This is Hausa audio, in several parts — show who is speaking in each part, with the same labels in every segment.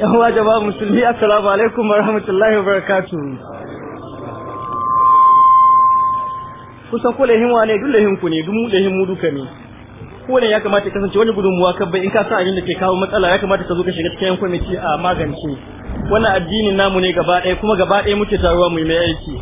Speaker 1: yan uwa jama'a
Speaker 2: musulmi assalamu alaikum wa rahmatullahi wa barakatuh kusan kula lehin wane duk lehin ku ne duk lehin mu duka ne ko ya kamata kasance wani gudunmuwa kan in ka sa abin da ke kawo matsala ya kamata ka zo ka shiga cikin kwamiti a magance wannan addinin namu ne gaba ɗaya kuma gaba ɗaya muke taruwa mu yi mai aiki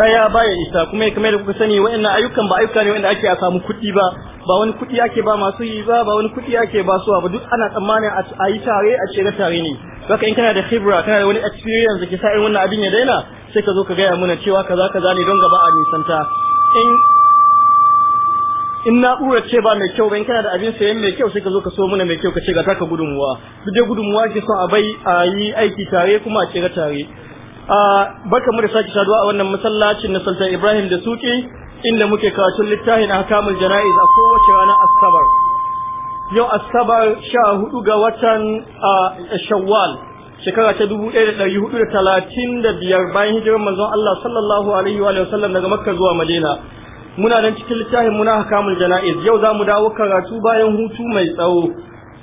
Speaker 2: daya baya isa kuma kamar da kuka sani wa'annan ayyukan ba ayyuka ne wanda ake a samu kuɗi ba ba wani kuɗi ake ba masu yi ba ba wani kuɗi ake ba suwa ba duk ana tsammanin a yi tare a ce na tare ne baka in kana da khibra kana da wani experience da ke sa irin wannan abin ya daina sai ka zo ka gaya mana cewa kaza kaza ne don gaba a nisanta in in na'urar ce ba mai kyau ba in kana da abin sayan mai kyau sai ka zo ka so mana mai kyau ka ce ga taka gudunmuwa duk dai gudunmuwa ke so a bai a yi aiki tare kuma a kira tare Ah, barka mu da sake saduwa a wannan masallacin na Sultan Ibrahim da Suki inda muke karatun littafin ahkamul jana'iz a kowace ranar Asabar. Yau Asabar sha hudu ga watan ah, Shawwal shekara ta dubu ɗaya da ɗari hudu da talatin da biyar bayan hijirar manzon Allah sallallahu alaihi wa sallam daga Makka zuwa Madina. Muna nan cikin littafin muna hakamul jana'iz yau za mu dawo karatu bayan hutu mai tsawo.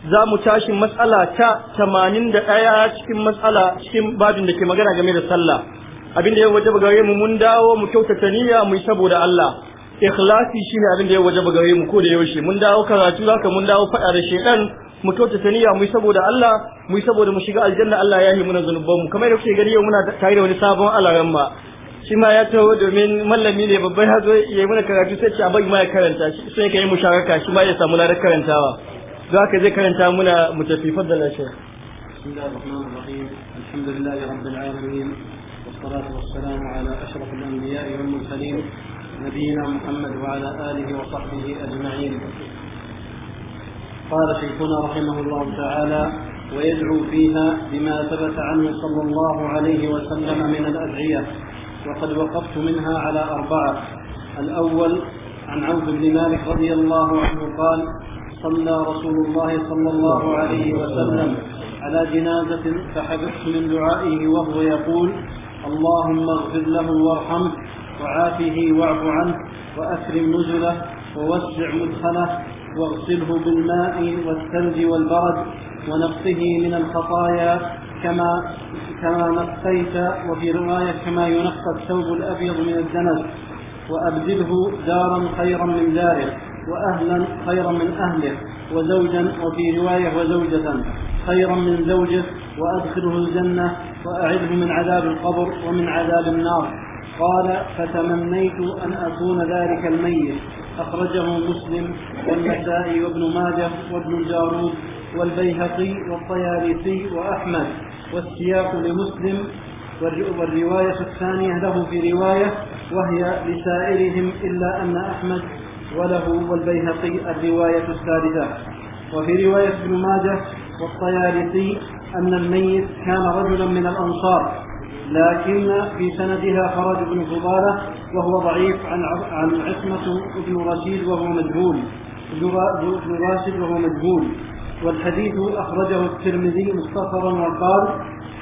Speaker 2: za mu tashi matsala ta tamanin da ɗaya cikin matsala cikin babin da ke magana game da sallah abin da ya ba gare mu mun dawo mu kyautata niyya mu yi saboda Allah ikhlasi shine abin da ya ba gare mu ko da yaushe mun dawo karatu haka mun dawo fada da shedan mu kyautata niyya mu yi saboda Allah mu yi saboda mu shiga aljanna Allah ya yi muna zanuban mu kamar da kuke gani yau muna tare da wani sabon alaran ma shi ma ya taho domin mallami ne babban hazo ya yi muna karatu sai ce a bai ma ya karanta sai ka yi musharaka shi ma ya samu ladar karantawa ذاك ذكر أنت منا متفي فضل يا شيخ
Speaker 1: بسم الله الرحمن الرحيم
Speaker 3: الحمد لله رب العالمين والصلاة والسلام على أشرف الأنبياء والمرسلين نبينا محمد وعلى آله وصحبه أجمعين قال شيخنا رحمه الله تعالى ويدعو فيها بما ثبت عنه صلى الله عليه وسلم من الأدعية وقد وقفت منها على أربعة الأول عن عوف بن مالك رضي الله عنه قال صلى رسول الله صلى الله عليه وسلم على جنازة فحبست من دعائه وهو يقول اللهم اغفر له وارحمه وعافه واعف عنه وأكرم نزله ووسع مدخله واغسله بالماء والثلج والبرد ونقصه من الخطايا كما كما نقيت وفي رواية كما ينقى الثوب الأبيض من الدنس وأبدله دارا خيرا من داره وأهلا خيرا من أهله وزوجا وفي رواية وزوجة خيرا من زوجه وأدخله الجنة وأعده من عذاب القبر ومن عذاب النار قال فتمنيت أن أكون ذلك الميت أخرجه مسلم والنسائي وابن ماجه وابن الجارود والبيهقي والطياريسي وأحمد والسياق لمسلم والرواية الثانية له في رواية وهي لسائرهم إلا أن أحمد وله والبيهقي الرواية السادسة وفي رواية ابن ماجه والطيالسي أن الميت كان رجلا من الأنصار لكن في سندها خرج ابن فضالة وهو ضعيف عن عن عصمة ابن رشيد وهو مجهول ابن راشد وهو مجهول والحديث أخرجه الترمذي مختصرا وقال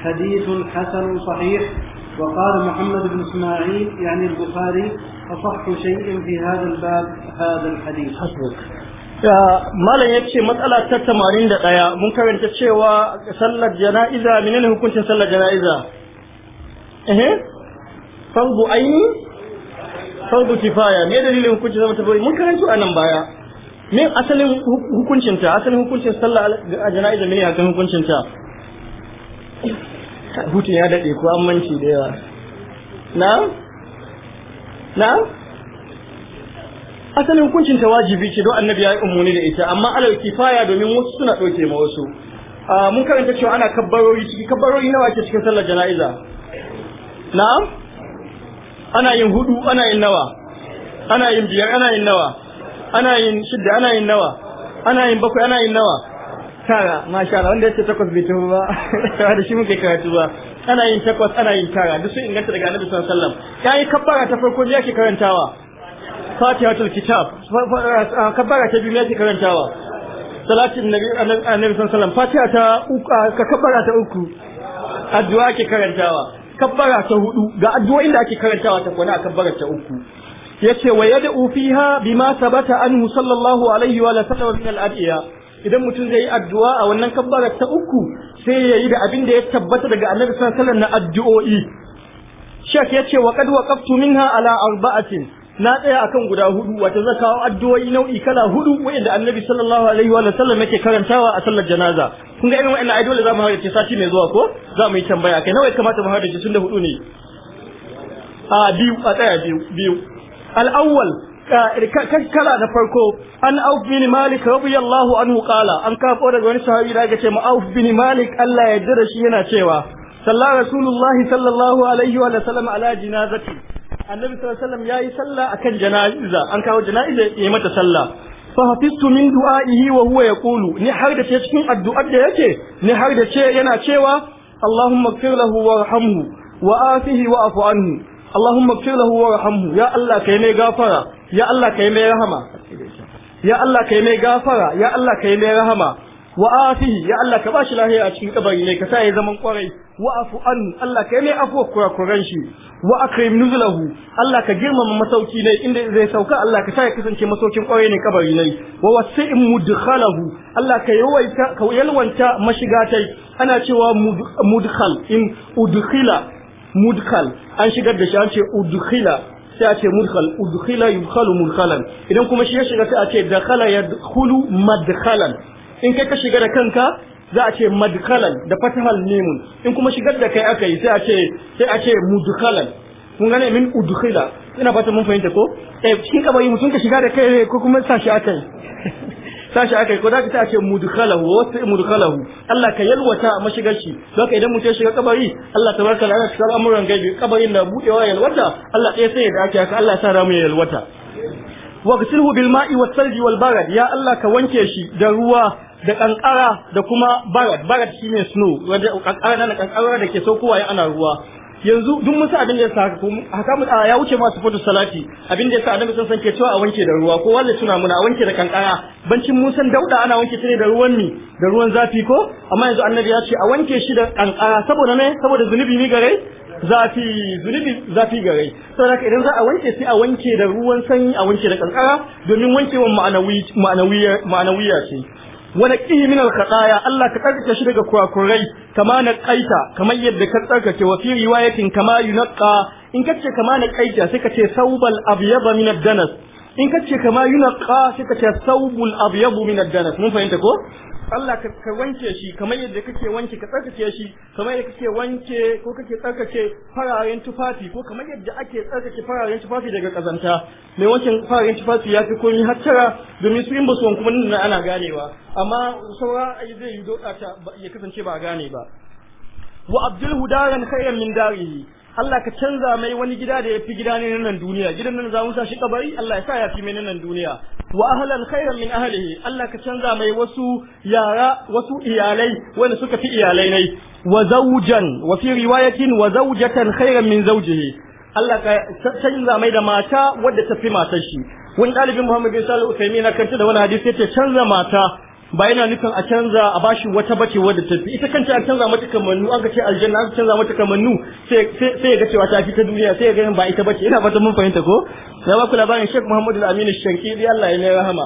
Speaker 3: حديث حسن صحيح وقال محمد بن إسماعيل يعني البخاري أصح شيء في هذا الباب هذا الحديث حسبك malam
Speaker 2: ya ce matsala ta tamanin da ɗaya mun karanta cewa sallar jana'iza ne hukuncin sallar jana'iza eh fardu aini fardu kifaya me dalilin hukuncin zama tafi mun karanta a nan baya me asalin hukuncin ta asalin hukuncin sallar jana'iza me ne akan hukuncin ta hutun ya dade ko an manci da yawa na na'am asalin hukuncin ta wajibi ce don annabi ya yi umarni da ita amma alal kifaya domin wasu suna ɗauke ma wasu mun karanta cewa ana kabbarori ciki kabbarori nawa ke cikin sallar jana'iza na'am ana yin hudu ana yin nawa ana yin biyar ana yin nawa ana yin shidda ana yin nawa ana yin bakwai ana yin nawa tara masha Allah wanda ce takwas bai tafi ba da shi muke karatu ba ana yin takwas ana yin tara duk sun inganta daga annabi sallallahu alaihi wasallam yayi kabbara ta farko me yake karantawa fatihatul kitab kabbara ta biyu me yake karantawa salatin nabi annabi sallallahu alaihi wasallam fatiha ta uku ka kabbara ta uku addu'a ke karantawa kabbara ta hudu ga addu'o'in da ake karantawa ta kwana a kabbara ta uku yace wa yad'u fiha bima sabata anhu sallallahu alaihi wa sallam min al-adiya idan mutum zai yi addu'a a wannan kabbara ta uku sai ya yi da abin da ya tabbata daga annabi sallallahu na addu'o'i shek ya ce wa qad waqaftu minha ala arba'atin na tsaya akan guda hudu wato zan kawo addu'o'i nau'i kala hudu wanda annabi sallallahu alaihi wa sallam yake karantawa a sallar janaza kun ga irin wa'annan ai dole za mu haɗa sati mai zuwa ko za mu yi tambaya kai nawa ya kamata mu haɗa tun da hudu ne a biyu a tsaya biyu biyu al-awwal Eh, kala na farko an auf malik radiyallahu anhu qala an kafo daga wani sahabi da aka ce mu auf bin malik Allah ya jira shi yana cewa sallallahu rasulullahi sallallahu alaihi wa sallam ala jinazati
Speaker 4: annabi sallallahu
Speaker 2: yayi sallah akan jana'iza an kawo jana'iza yayi mata sallah fa hafiztu min du'a'ihi wa huwa yaqulu ni har da ce cikin addu'ar da yake ni har da ce yana cewa Allahumma ighfir lahu warhamhu wa afihi wa afu anhu Allahumma ighfir lahu warhamhu ya Allah kai mai gafara ya Allah kai mai rahama ya Allah kai mai gafara ya Allah kai mai rahama wa ya Allah ka bashi lahiya a cikin kabarinai ne ka sa ya zaman kwarai wa afu an Allah kai mai afu kurakuran shi wa akrim nuzulahu Allah ka girmama masauki ne inda zai sauka Allah ka sa ya kasance masaukin kwarai ne kabari ne wa wasi'in mudkhalahu Allah ka yawaita ka yalwanta mashigatai ana cewa mudkhal in udkhila mudkhal an shigar da shi an ce udkhila sai a ce mudkhal udkhila yudkhalu mudkhalan idan kuma shi ya shiga sai a ce dakhala yadkhulu madkhalan in kai ka shiga da kanka za a ce madkhalan da fathal mimun in kuma shigar da kai aka yi sai a ce sai a ce mudkhalan kun gane min udkhila ina fata mun fahimta ko eh ka kabari mutum ka shiga da kai ko kuma sashi shi aka yi sashi yi ko zaka ta ce mudkhalahu sai mudkhalahu Allah ka yalwata a mashigar shi don idan mutum ya shiga kabari Allah tabaraka ta'ala ta al'amuran gaibi kabarin na budewa yalwata Allah ya sai da ake haka Allah ya sa ramu yalwata waqsilhu bil ma'i wa thalji wal barad ya Allah ka wanke shi da ruwa da kankara da kuma barad barad shine snow wanda kankara da kankara da ke saukowa ana ruwa yanzu duk musu abin da ya saka ko haka ya wuce masu fadu salati abin da ya sa annabi sun san ke cewa a wanke da ruwa ko wanda suna muna a wanke da kankara bancin musan dauda ana wanke shi ne da ruwan ni da ruwan zafi ko amma yanzu annabi ya ce a wanke shi da kankara saboda ne saboda zunubi ne gare zafi zunubi zafi gare saboda idan za a wanke sai a wanke da ruwan sanyi a wanke da kankara domin wankewan ma'anawiya ma'anawiya ce Wani naqi min Allah ka tsarkake shi daga kurakurai kama na kaita kamar yadda ka tsarkake wa fi riwayatin kama yunqa in kace kama na sai ka ce saubal abyaba min danas in kace kama sai ka ce saubul abyabu min danas mun fahimta ko Allah ka wanke shi kamar yadda kake wanke ka tsarkake shi kamar yadda kake wanke ko kake tsarkake fararen tufafi ko kamar yadda ake tsarkake fararen tufafi daga kazanta mai wankin fararen tufafi ya fi komi hattara domin su in ba su wanku ana ganewa amma saura zai yi doka ya kasance ba a gane ba wa abdulhu daran khayran min darihi Allah ka canza mai wani gida da yafi gida ne nan duniya gidan nan za mu sa shi kabari Allah ya sa ya fi mai nan duniya wa ahlan khayran min ahlihi Allah ka canza mai wasu yara wasu iyalai wanda suka fi iyalai ne wa zawjan wa fi riwayatin wa zawjatan khayran min zawjihi Allah ka canza mai da mata wadda ta fi matar shi wani ɗalibin Muhammad bin Salihu Uthaymeen na kanta da wani hadisi yace canza mata ba yana nufin a canza a bashi wata bace wadda ta fi ita kanta an canza mata kamannu an ga aljanna an canza mata kamannu sai ya ga cewa ta fi ta duniya sai ya ga ba ita bace ina fata mun fahimta ko na ba ku labarin Sheikh Muhammadu Al-Amin bi Allah ya rahama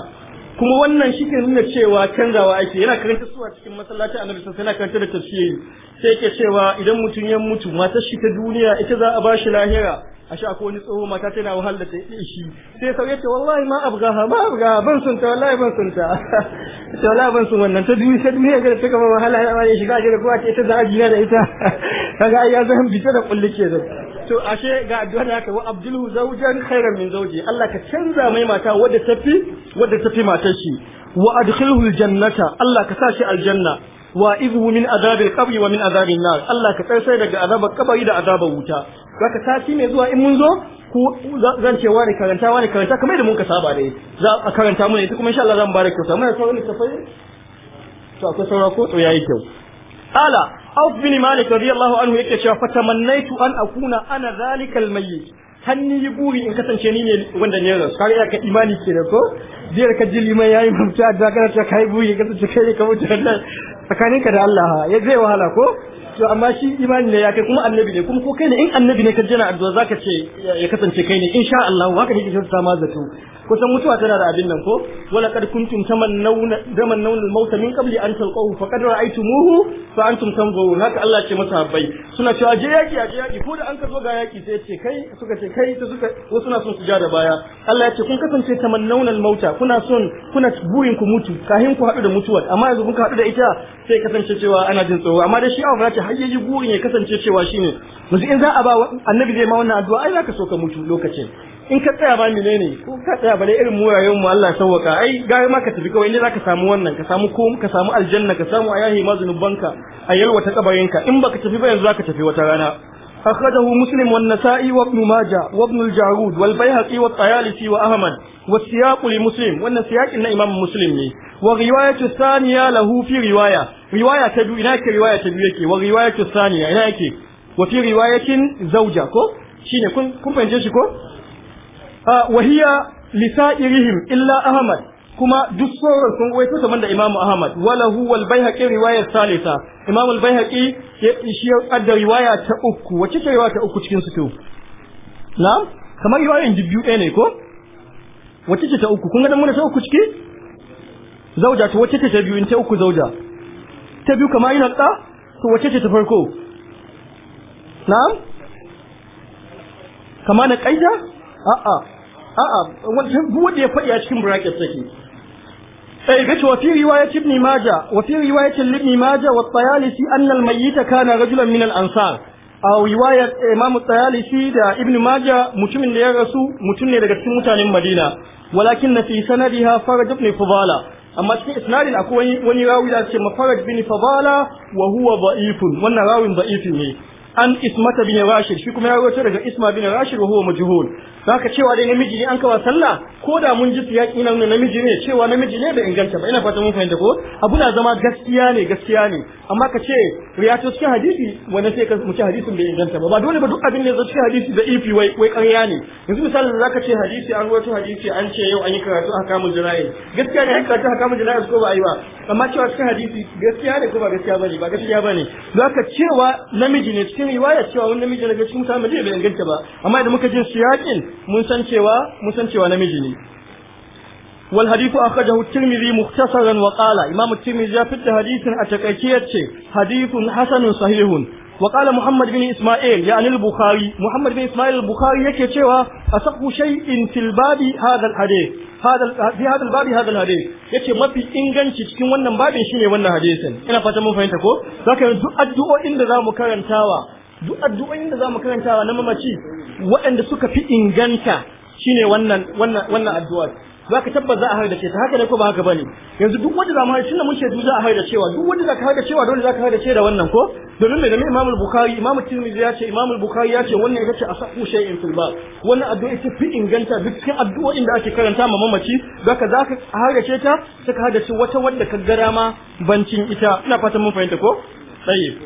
Speaker 2: kuma wannan shi ke nuna cewa canzawa ake yana karanta suwa cikin masallaci annabi sai yana karanta da tafsiri sai yake cewa idan mutum ya mutu matar shi ta duniya ita za a bashi lahira ashe akwai wani tsoho mata tana da ta yi shi sai sauye yace wallahi ma abgaha ma abgaha ban sun ta wallahi ban sun ta ta wallahi ban sun wannan ta duniya sai duniya ga ta kama wahala ya ba shiga ajira ko ce ta zaji na da ita kaga ai ya zan bita da kulle ke zai to ashe ga addu'a da aka wa abdulhu zawjan khairan min zawji Allah ka canza mai mata wadda tafi wadda tafi matar shi wa adkhilhu aljannata Allah ka sa shi aljanna wa izu min azabil qabri wa min azabin nar Allah ka tsarsai daga azabar kabari da azabar wuta zaka sati mai zuwa in mun zo ku zan ce wani karanta wani karanta kamar da mun ka saba dai za a karanta mu ne ita kuma insha Allah zan bare kyauta muna sauran tafai to akwai sauran ko to yayi kyau ala auf bin malik radiyallahu anhu yake cewa fatamannaitu an akuna ana zalikal mayyit hanni yi buri in kasance ni ne wanda ne rasu kare ka imani ke da ko biyar ka ji mai yayi mutu a dakarar ta kai buri ka kasance kai ne ka mutu nan tsakaninka da Allah ya zai wahala ko to amma shi imani ne ya kai kuma annabi ne kuma ko kai ne in annabi ne ka jira addu'a zaka ce ya kasance kai ne insha Allah haka ne kike sama zato kusan mutuwa tana da abin nan ko wala kad kuntum tamannawna tamannawna al-maut min qabli an talqahu faqad ra'aytumuhu fa antum tanzurun haka Allah ce masa habbai suna cewa je yaki je yaki ko da an ka ga yaki sai ce kai suka ce kai suka wasu suna son su ja da baya Allah ya ce kun kasance tamannawna al-maut kuna son kuna burin ku mutu kahin ku hadu da mutuwa amma yanzu kun haɗu da ita sai kasance cewa ana jin tsoro amma da shi Allah ce har yayi burin ya kasance cewa shine yanzu in za a ba annabi zai ma wannan addu'a ai zaka so ka mutu lokacin in ka tsaya ba menene ko ka tsaya bare irin murayen mu Allah sauwaka ai gari ma ka tafi kawai inda zaka samu wannan ka samu ko ka samu aljanna ka samu ayahi mazunubanka a yalwata ka in baka tafi ba yanzu zaka tafi wata rana أخرجه مسلم والنسائي وابن ماجه وابن الجارود والبيهقي والطيالسي وأحمد والسياق لمسلم وأن سياق إن إمام مسلم لي ورواية الثانية له في رواية رواية تدو إناك رواية تدويك ورواية الثانية إناك وفي رواية زوجة كو شين كن كن بنجيش كو Ah, wahiya lisairihim illa ahmad kuma duk sauran sun waito kaman da imamu ahmad walahu wal baihaqi riwayat salisa imamu al baihaqi ya shi adda riwaya ta uku wace ce riwaya ta uku cikin su to Na kamar riwayan biyu ɗaya ne ko wace ce ta uku kun ga dan muna ta uku ciki zauja to wace ce ta biyu in ta uku zauja ta biyu kamar yana da to wace ce ta farko na kama na kaida a'a a'a duk wanda ya faɗi a cikin bracket take sai eh, gace wa fi riwayat ibn majah wa fi riwayat ibn majah wa tayalisi anna al mayyita kana rajulan min al ansar a riwayar imam tayalisi da ibn majah mutumin da ya rasu mutum ne daga cikin mutanen madina walakin na fi sanadiha faraj ibn fudala amma cikin isnadin akwai wani rawi da ce mafaraj bin fudala wa huwa da'ifun wannan rawin da'ifin ne an ismata bin rashid shi kuma ya rawaito daga isma bin rashid wa huwa majhul saka cewa dai namiji ne an kawa sallah ko da mun ji siyaki nan namiji ne cewa namiji ne da inganta ba ina fata mun fahimta ko abu na zama gaskiya ne gaskiya ne amma ka ce riyatu cikin hadisi wannan sai ka mu ci hadisin bai inganta ba ba dole ba duk abin da zai cikin hadisi da ifi wai wai ƙarya ne yanzu misali da zaka ce hadisi an rawaito hadisi an ce yau an yi karatu a kamun jira'i gaskiya ne an karatu a kamun jira'i ko ba a yi ba amma cewa cikin hadisi gaskiya ne ko ba gaskiya bane ba gaskiya bane zaka cewa namiji ne cikin riwaya cewa wani namiji daga cikin mutane mace bai inganta ba amma idan muka jin siyakin mun san cewa mun san cewa namiji ne wal hadithu akhrajahu at-tirmidhi mukhtasaran wa qala imam at-tirmidhi ya fitta hadithin a takaiciyar ce hadithun hasanun sahihun وقال محمد بن إسماعيل يعني البخاري محمد بن إسماعيل البخاري يكي أصح شيء في الباب هذا الحديث هذا في هذا الباب هذا الحديث mafi inganci cikin wannan babin shine wannan hadisin ina fata mun fahimta ko zaka duk addu'o'in da zamu karantawa duk addu'o'in da zamu karantawa na mamaci waɗanda suka fi inganta shine wannan addu'ar. zaka tabbata za a harda ce ta haka ne ko ba haka bane yanzu duk wanda zamu harda tunda mun za a harda cewa duk wanda zaka harda cewa dole zaka harda ce da wannan ko domin mai da Imam al-Bukhari Imam Tirmidhi ya ce Imam al-Bukhari ya ce wannan ita ce shay'in fil bab wannan addu'a ita fi inganta dukkan addu'o'in da ake karanta ma mamaci zaka zaka harda ce ta saka ce wata wanda ka gara ma bancin ita ina fatan mun fahimta ko tayyib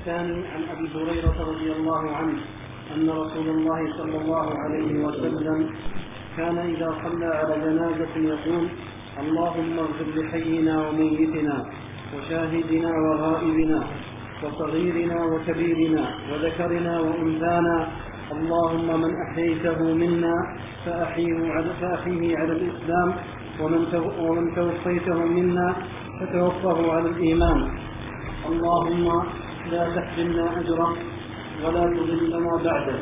Speaker 3: الثاني عن ابي هريره رضي الله عنه ان رسول الله صلى الله عليه وسلم كان اذا صلى على جنازه يقول اللهم اغفر لحينا وميتنا وشاهدنا وغائبنا وصغيرنا وكبيرنا وذكرنا وانثانا اللهم من احييته منا فاحيه على فاحيه على الاسلام ومن ومن توفيته منا فتوفه على الايمان اللهم لا تحرمنا أجره ولا تضلنا بعده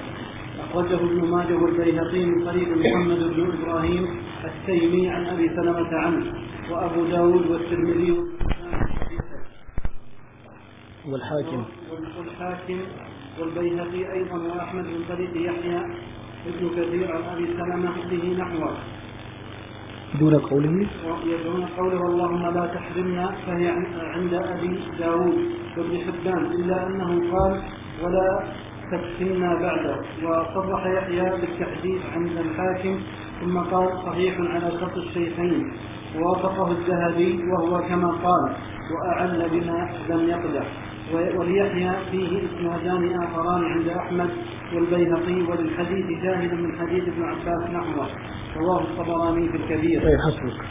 Speaker 3: أخرجه ابن ماجه والبيهقي من طريق محمد بن إبراهيم التيمي عن أبي سلمة عنه
Speaker 1: وأبو داود والترمذي
Speaker 3: والحاكم والحاكم والبيهقي أيضا وأحمد من طريق يحيى ابن كثير عن أبي سلمة به نحوه دون قوله دون قوله اللهم لا تحرمنا فهي عند أبي داود وابن حبان إلا أنه قال ولا تكفينا بعده وصرح يحيى بالتحديث عند الحاكم ثم قال صحيح على شرط الشيخين ووافقه الذهبي وهو كما قال وأعل بما لم يقدح وليحيى فيه إسنادان آخران عند أحمد والبيهقي وللحديث شاهد من حديث ابن عباس نحوه رواه الطبراني في الكبير. اي حسبك.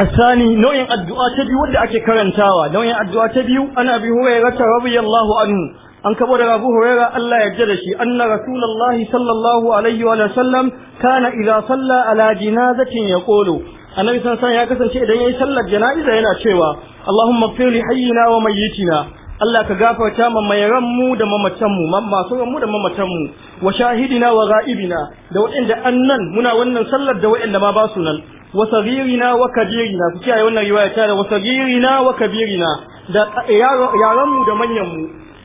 Speaker 2: الثاني نوع الدعاء تبي ودا أكي كرنتاوا نوع الدعاء تبي أنا أبي هريرة رضي الله عنه an kabo da Abu Huraira Allah ya da shi anna Rasulullahi sallallahu alaihi wa sallam kana idza salla ala janazatin yaqulu annabi san san ya kasance idan yayi sallar jana'iza yana cewa Allahumma ighfir li wa mayyitina Allah ka gafarta ma mai ranmu da mamatanmu masu ranmu da mamatanmu wa shahidina wa ga'ibina da waɗanda annan muna wannan sallar da waɗanda ma ba su nan wa sagirina wa kabirina ku kiyaye wannan riwaya ta da wa sagirina wa kabirina da yaranmu da manyanmu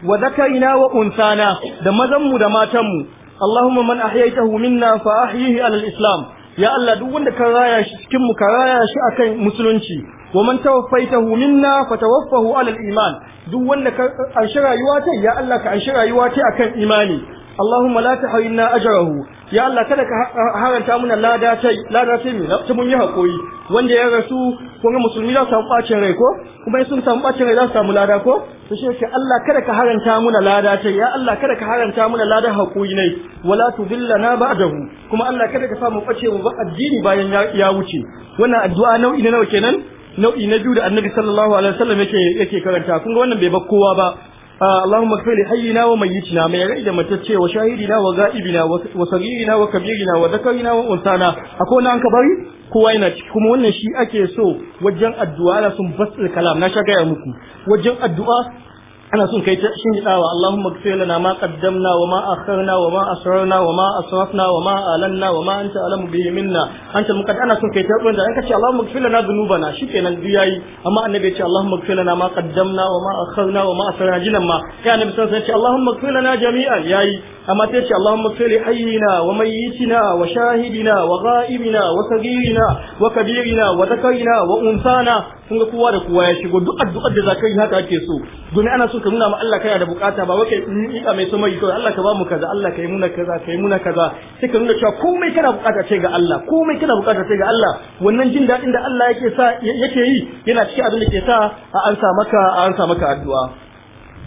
Speaker 2: wa zakarina wa unsana da mazanmu da matanmu Allahumma man ahyaytahu minna fa ahyihi alal islam ya Allah duk wanda ka raya shi cikin mu ka raya shi akan musulunci wa man tawaffaitahu minna fatawaffahu ala alal iman duk wanda ka anshi rayuwa ta ya Allah ka anshi rayuwa ta akan imani Allahumma la tahayna ajrahu ya Allah kada ka haranta muna lada ta lada ta mu ta mun yi hakuri wanda ya rasu ko ga musulmi za su samu bacin rai ko kuma in sun samu bacin rai za su samu lada ko to shi yake Allah kada ka haranta muna lada ta ya Allah kada ka haranta muna lada hakuri wala kuma Allah kada ka samu bace mu addini bayan ya wuce wannan addu'a nau'i na nawa kenan nau'i na biyu da annabi sallallahu alaihi wasallam yake yake karanta kun ga wannan bai ba kowa ba ah, Allahumma kafir hayyina wa mayyitina mai rai da matacce wa shahidina wa ga'ibina wa sagirina wa kabirina wa zakarina wa unsana akwai wani an ka bari kowa yana ciki kuma wannan shi ake so wajen addu'a sun basil kalam na shagaya muku wajen addu'a ana son kai ta shingidawa Allahumma ighfir lana ma qaddamna wa ma akharna wa ma asrarna wa ma asrafna wa ma alanna wa ma anta alamu bihi minna anta muqad ana son kai ta wanda an kace Allahumma ighfir lana dhunubana shikenan duk yayi amma annabi ya ce Allahumma ighfir lana ma qaddamna wa ma akharna wa ma asrarna jinan ma ya annabi sai ya ce Allahumma ighfir lana jami'an yayi amma ta ce Allahumma fili hayyina wa mayyitina wa shahidina wa ghaibina wa sagirina wa kabirina wa dakarina wa unsana kun ga kowa da kowa ya shigo duk addu'ar da zaka yi haka ake so domin ana so ka nuna ma Allah kana da bukata ba wai in ika mai so mai kawai Allah ka ba mu kaza Allah ka yi muna kaza ka yi muna kaza sai ka nuna cewa komai kana bukata ce ga Allah komai kana bukata ce ga Allah wannan jin dadin da Allah yake sa yake yi yana cikin abin da ke sa a ansa maka a ansa maka addu'a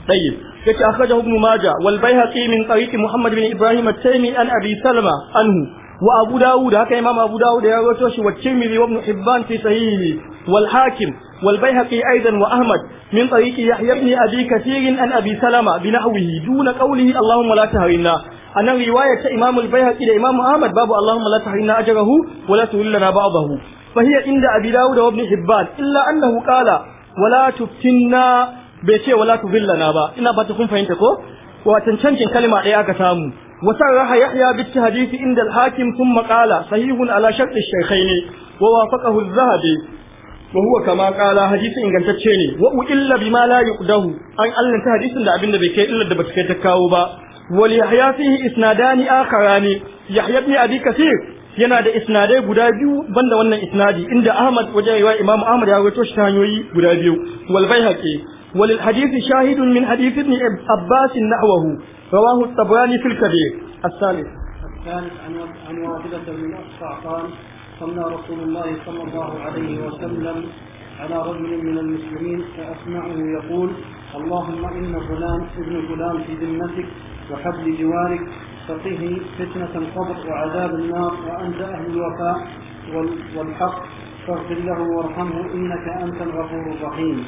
Speaker 2: طيب يكي أخرجه ابن ماجه والبيهقي من طريق محمد بن إبراهيم التيمي عن أبي سلمة عنه وأبو داود هكا إمام أبو داود يا روتوش والترمذي وابن حبان في صحيحه والحاكم والبيهقي أيضا وأحمد من طريق يحيى بن أبي كثير عن أبي سلمة بنحوه دون قوله اللهم لا تهرنا أنا رواية إمام البيهقي لإمام أحمد باب اللهم لا تهرنا أجره ولا تهلنا بعضه فهي عند أبي داود وابن حبان إلا أنه قال ولا تفتنا bai ce wala tuzillana ba ina bata ta kun fahimta ko watan cancin kalima ɗaya aka samu Wasan sarra yahya bi hadisi inda al-hakim thumma qala sahihun ala shartu ash-shaykhayn wa wafaqahu az-zahabi wa kama qala hadithu ingantacce ne Wa'u illabi bima la yuqdahu an allan tahdisin da abinda bai kai illa da bata kai ta kawo ba wa yahya fihi isnadani akharani yahya ibn abi kathir yana da isnadai guda biyu banda wannan isnadi inda Ahmad wajen wa Imam Ahmad ya rawaito shi ta hanyoyi guda biyu wal Baihaqi wal hadisi shahidun min hadith ibn Abbas nahwahu rawahu at-Tabrani fil Kabir الثالث
Speaker 1: الثالث
Speaker 3: عن واثبة بن القعقان صلى رسول الله صلى الله عليه وسلم على رجل من المسلمين فأسمعه يقول اللهم إن فلان ابن فلان في ذمتك وحبل جوارك فقه فتنة القبر وعذاب النار وأنت أهل الوفاء والحق فاغفر له وارحمه إنك أنت الغفور الرحيم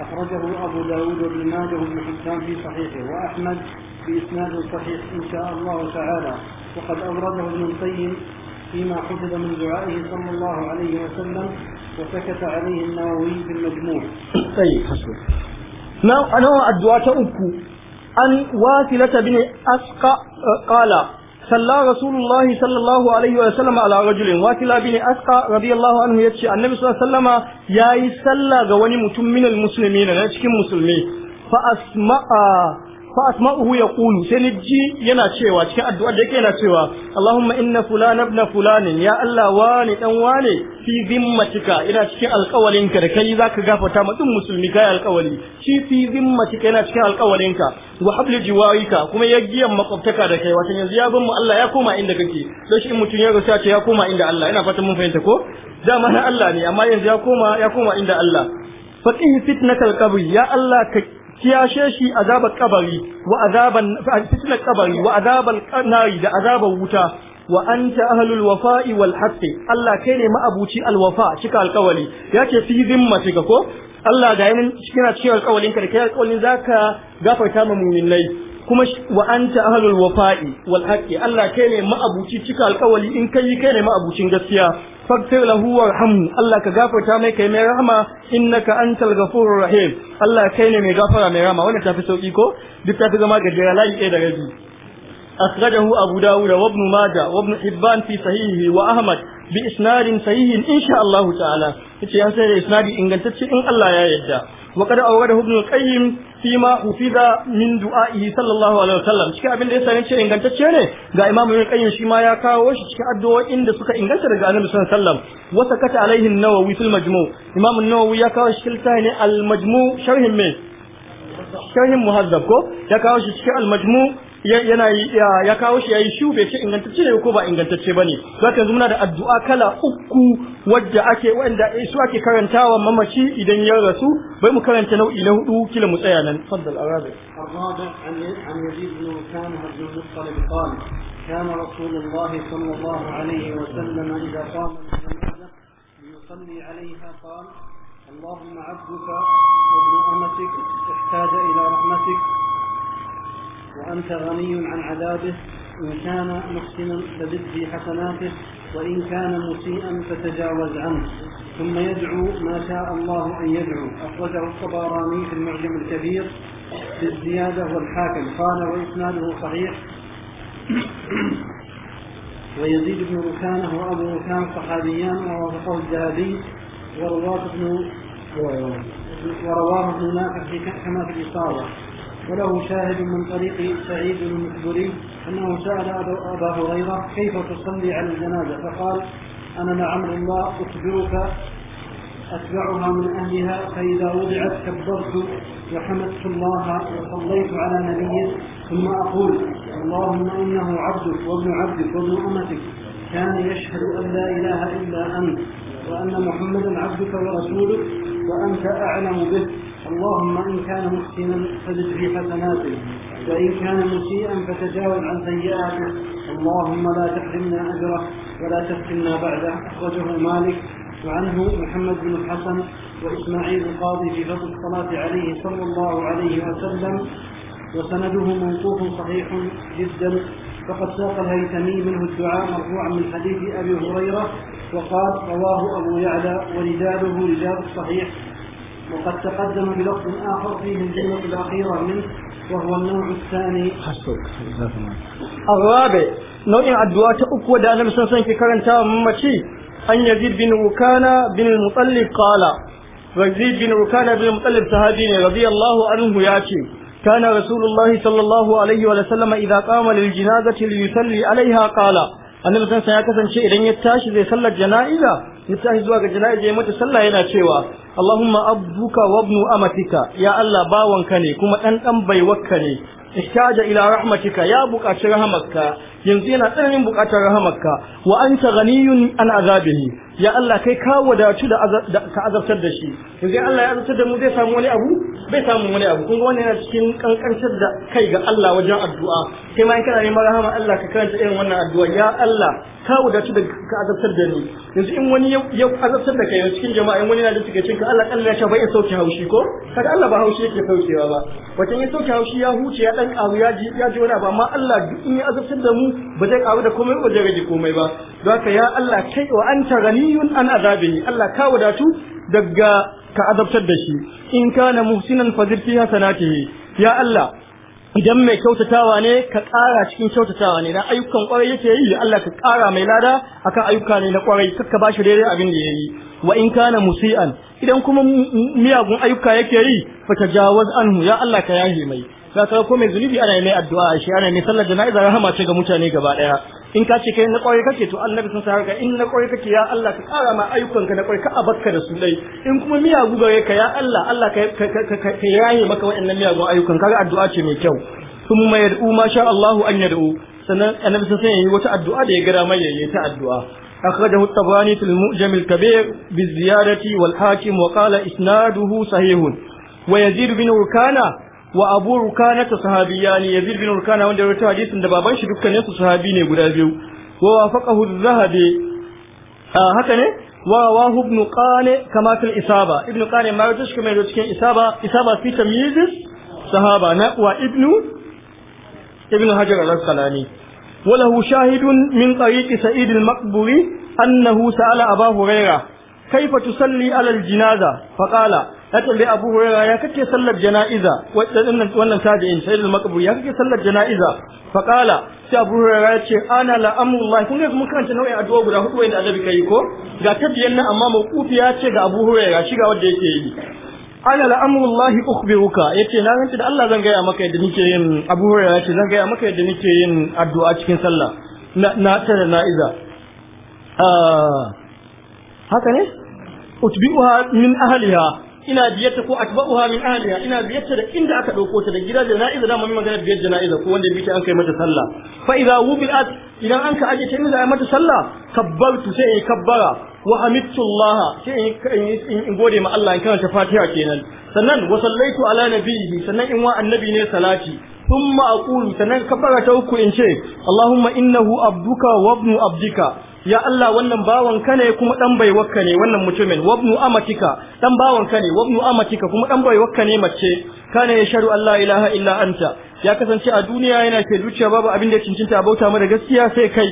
Speaker 3: أخرجه أبو داود وابن ماجه حسان في صحيحه وأحمد بإسناد صحيح إن شاء الله تعالى وقد أورده ابن القيم فيما حفظ من دعائه صلى الله عليه وسلم وسكت عليه النووي في المجموع.
Speaker 2: طيب حسنا. نوع أنا الدعاء أكو عن واثلة بن أسقى قال صلى رسول الله صلى الله عليه وسلم على رجل واثلة بن أسقى رضي الله عنه يتشي النبي صلى الله عليه وسلم يا صلى غوني متم من المسلمين نشكي مسلمين فأسمع fa asma'uhu yaqulu sai ni ji yana cewa cikin addu'a da yake yana cewa Allahumma inna fulana ibn fulanin ya Allah wani dan wani. fi zimmatika ina cikin alƙawalinka da kai zaka gafarta ma duk musulmi kai alƙawali shi fi zimmatika yana cikin alƙawalinka wa habli jiwaika kuma ya giyan makwabtaka da kai wato yanzu ya bin mu Allah ya koma inda kake don shi mutun mutum ya rusa ce ya koma inda Allah ina fatan mun fahimta ko dama mana Allah ne amma yanzu ya koma ya koma inda Allah faqih fitnatal qabr ya Allah ka kiyashe shi azabar kabari wa azaban fitna kabari wa azabal nari da azabar wuta wa anta ahlul wafa'i wal haqqi Allah kai ne ma'abuci al wafa cika alkawali yake fi zimma shiga ko Allah ga yanin kina cikin alkawalin ka da kai alkawalin zaka gafarta ma mu'minai kuma wa anta ahlul wafa'i wal haqqi Allah kai ne ma'abuci cika alkawali in kai kai ne ma'abucin gaskiya faktir lahuwar hamu Allah ka gafarta mai kai mai rahama innaka antal ghafurur rahim Allah kai ne mai gafara mai rahama wannan tafi sauki ko duk ta zama ga jira layi da rabi akhrajahu abu dawud wa ibn majah wa ibn hibban fi sahihi wa ahmad bi isnadin sahihin inshaAllahu Allah ta'ala yace an da isnadi ingantacce in Allah ya yarda وقد أورده ابن القيم فيما حفظ من دعائه صلى الله عليه وسلم cikin abin da ya sani ce ingantacce ne ga Imam Ibn Qayyim shi ma ya kawo shi cikin addu'o'in da suka inganta daga Annabi sallallahu alaihi wasallam wa sakata alaihi an-Nawawi fil majmu' Imam ya kawo shi cikin al-majmu' sharhin sharhin muhazzab ko ya kawo shi cikin al-majmu' yana ya kawo shi yayi shu bai ce ingantacce ne ko ba ingantacce bane zaka yanzu muna da addu'a kala uku wadda ake wanda su ake karantawa mamaci idan ya rasu bai mu karanta nau'i na hudu kila mu tsaya nan faddal arabi
Speaker 3: an عن يزيد بن وكان بن المطلب قال كان رسول الله صلى الله عليه وسلم اذا قام
Speaker 1: ليصلي عليها قال
Speaker 3: اللهم عبدك وابن امتك احتاج الى رحمتك وأنت غني عن عذابه إن كان محسنا فزد في حسناته وإن كان مسيئا فتجاوز عنه ثم يدعو ما شاء الله أن يدعو أخرجه الطبراني في المعجم الكبير بالزيادة والحاكم قال وإسناده صحيح ويزيد بن ركانة وأبو ركان صحابيان ووافقه الذهبي ورواه ابن ورواه ابن نافع كما في الإصابة وله شاهد من طريق سعيد المقبري أنه سأل أبا هريرة كيف تصلي على الجنازة فقال أنا لعمر الله أخبرك أتبعها من أهلها فإذا وضعت كبرت وحمدت الله وصليت على نبيه ثم أقول اللهم إنه عبدك وابن عبدك وابن أمتك كان يشهد أن لا إله إلا أنت وأن محمدا عبدك ورسولك وأنت أعلم به اللهم إن كان محسنا فزد في حسناته وإن كان مسيئا فتجاوز عن سيئاته اللهم لا تحرمنا أجره ولا تفتنا بعده أخرجه مالك وعنه محمد بن الحسن وإسماعيل القاضي في فضل الصلاة عليه صلى الله عليه وسلم وسنده موقوف صحيح جدا فقد ساق الهيثمي منه الدعاء مرفوعا من حديث أبي هريرة وقال رواه أبو يعلى ورجاله رجال الصحيح وقد تقدم بلفظ آخر فيه الجملة الأخيرة منه وهو النوع الثاني حسوك الرابع نوع الدعاء
Speaker 2: أكوى دعنا مسلسل في كرنتا ممشي أن يزيد بن وكان بن المطلب قال وزيد بن وكان بن المطلب سهاديني رضي الله عنه ياتي كان رسول الله صلى الله عليه وسلم إذا قام للجنازة ليصلي عليها قال annabi kansa ya kasance idan ya tashi zai sallar jana'iza ya tashi zuwa ga jana'iza ya mata sallah yana cewa Allahumma abduka wa ibnu amatika ya Allah bawanka ne kuma dan dan baiwarka ne ihtaja ila rahmatika ya buƙaci rahamarka yanzu yana tsananin buƙatar rahamarka wa anta ghaniyun an azabihi ya Allah kai ka wadatu da ka azabtar da shi yanzu Allah ya azabtar da mu zai samu wani abu bai samu wani abu kun ga wannan yana cikin kankancar da kai ga Allah wajen addu'a sai ma in kana neman rahama Allah ka karanta irin wannan addu'a ya Allah ka wadatu da ka azabtar da ni yanzu in wani ya azabtar da kai cikin jama'a in wani na da cikin Ka Allah kan ya ce bai sauke haushi ko kaga Allah ba haushi yake saukewa ba wajen ya sauke haushi ya huce ya dan karu ya ji ya ji wani abu amma Allah duk in ya azabtar da mu ba zai karu da komai ba zai rage komai ba don haka ya Allah kai wa anta gani ghaniyun an azabihi Allah ka wadatu daga ka azabtar da shi in kana muhsinan fazir ya Allah idan mai kyautatawa ne ka ƙara cikin kyautatawa ne Da ayyukan kwarai yake yi Allah ka ƙara mai lada akan ayyuka ne na kwarai kakka ba shi daidai abin da ya yi wa in kana musi'an idan kuma miyagun ayyuka yake yi fa tajawaz anhu ya Allah ka yahe mai ka ko mai zunubi ana mai addu'a shi ana mai sallar jana'iza rahama ce ga mutane gaba ɗaya in ka ce kai na kwarai kake to annabi sun sa ka in na kwarai kake ya Allah ka kara ma ayyukan ka na kwarai ka abakka da su dai in kuma miyagu gare ka ya Allah Allah ka yaye maka waɗannan miyagun ayyukan kaga addu'a ce mai kyau thumma yad'u ma sha Allahu an yad'u sannan annabi sun sanya wata addu'a da ya gara mai yayi ta addu'a أخرجه الطبراني في المؤجم الكبير بالزيادة والحاكم وقال sahihun wa ويزيد bin urkana wa abu rukana ta sahabiya ne yazid bin rukana wanda ya rawaito hadisin da baban shi dukkanin su sahabi ne guda biyu wa wafaqahu zahabi haka ne wa wa ibn qane kama fil isaba ibn qane ma yato shi kuma yato cikin isaba isaba fi tamyiz sahaba na wa ibnu ibn hajar al-asqalani وله شاهد من طريق سعيد المقبري أنه سأل أبا هريرة كيف تصلي على الجنازة فقال ya tambayi Abu Hurairah ya kake sallar jana'iza wannan wannan tabi'in sayyid al-maqbur ya kake sallar jana'iza fa qala sai Abu Hurairah ya ce ana la amrullah kun ga mun karanta nau'in addu'a guda hudu wanda annabi kai ko ga tabiyan nan amma mawqufi ya ce ga Abu Hurairah shi ga wanda yake yi ana la amrullah ukhbiruka yace na ranta da Allah zan gaya maka yadda nake yin Abu Hurairah yace ce zan gaya maka yadda nake yin addu'a cikin sallah na na ta ah haka ne utbiha min ahliha ina biyarta ko atba'uha min ahliha ina biyarta da inda aka dauko ta da gida jana'iza da mun magana biyar jana'iza ko wanda bita an kai mata sallah fa idza wubi'at idan an ka aje ta inda mata sallah kabbartu sai in kabbara wa hamidtu Allah sai in gode ma Allah in karanta Fatiha kenan sannan wa sallaitu ala nabiyhi sannan in wa annabi ne salati thumma aqulu sannan kabbara ta uku in ce Allahumma innahu abduka wa ibnu abdika ya Allah wannan ka ne kuma dan baiwarka ne wannan mutumin wabnu amatika dan ka ne wabnu amatika kuma dan baiwarka ne mace kana ya sharu Allah ilaha illa anta ya kasance a duniya yana ke zuciya babu abin da ya cincinta bauta da gaskiya sai kai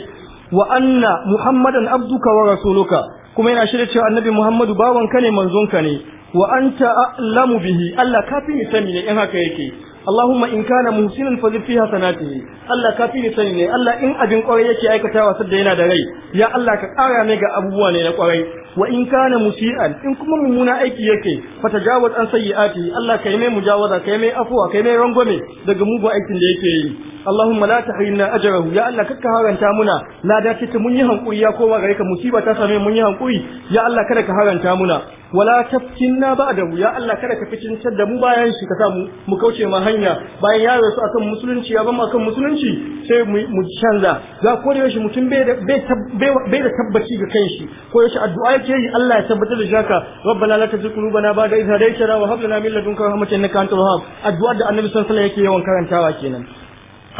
Speaker 2: wa anna muhammadan abduka wa rasuluka kuma yana shirya cewa annabi muhammadu bawanka ne ka ne wa anta a'lamu bihi Allah Kafin ni sani ne in haka yake Allahumma in kana muhsinan fazid fi hasanatihi Allah ka fi sani ne Allah in abin kwarai yake aikatawa sadda yana da rai ya Allah ka ƙara mai ga abubuwa ne na kwarai wa in kana musian in kuma mummuna aiki yake fatajawaz an ati. Allah kai mai mujawaza kai mai afuwa kai mai rangwame daga mugu aikin da yake yi Allahumma la tahrimna ajrahu ya Allah kakka haranta muna lada ta mun yi hankuri ya koma gare ka musiba ta same mun yi hankuri ya Allah kada ka haranta muna wala tafkinna ba'dahu ya Allah kada ka ficintar da mu bayan shi ka sa mu mu kauce ma hanya bayan ya rasu akan musulunci ya bamu akan musulunci sai mu canza za ko da yaushe mutum bai da bai da tabbaci ga kanshi ko yaushe addu'a yake yi Allah ya tabbatar da shaka rabbana la tuzigh qulubana ba'da idh hadaytana wa hab lana min ladunka rahmatan innaka antal wahhab addu'a da annabi sallallahu alaihi wasallam yake yawan karantawa kenan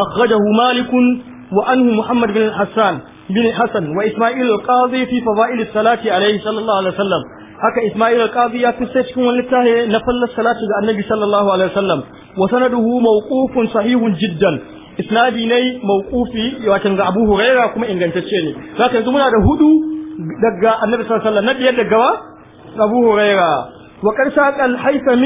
Speaker 2: أخرجه مالك وأنه محمد بن الحسان بن الحسن وإسماعيل القاضي في فضائل الصلاة عليه صلى الله عليه وسلم haka Ismail al-Qadi ya kusa cikin wani littafi na fallar salati ga Annabi sallallahu alaihi wasallam wa sanaduhu mawqufun sahihun jiddan isnadi ne mawqufi wato ga Abu Huraira kuma ingantacce ne zaka yanzu muna da hudu daga Annabi sallallahu alaihi wasallam na biyar daga Abu Huraira wa qad saqa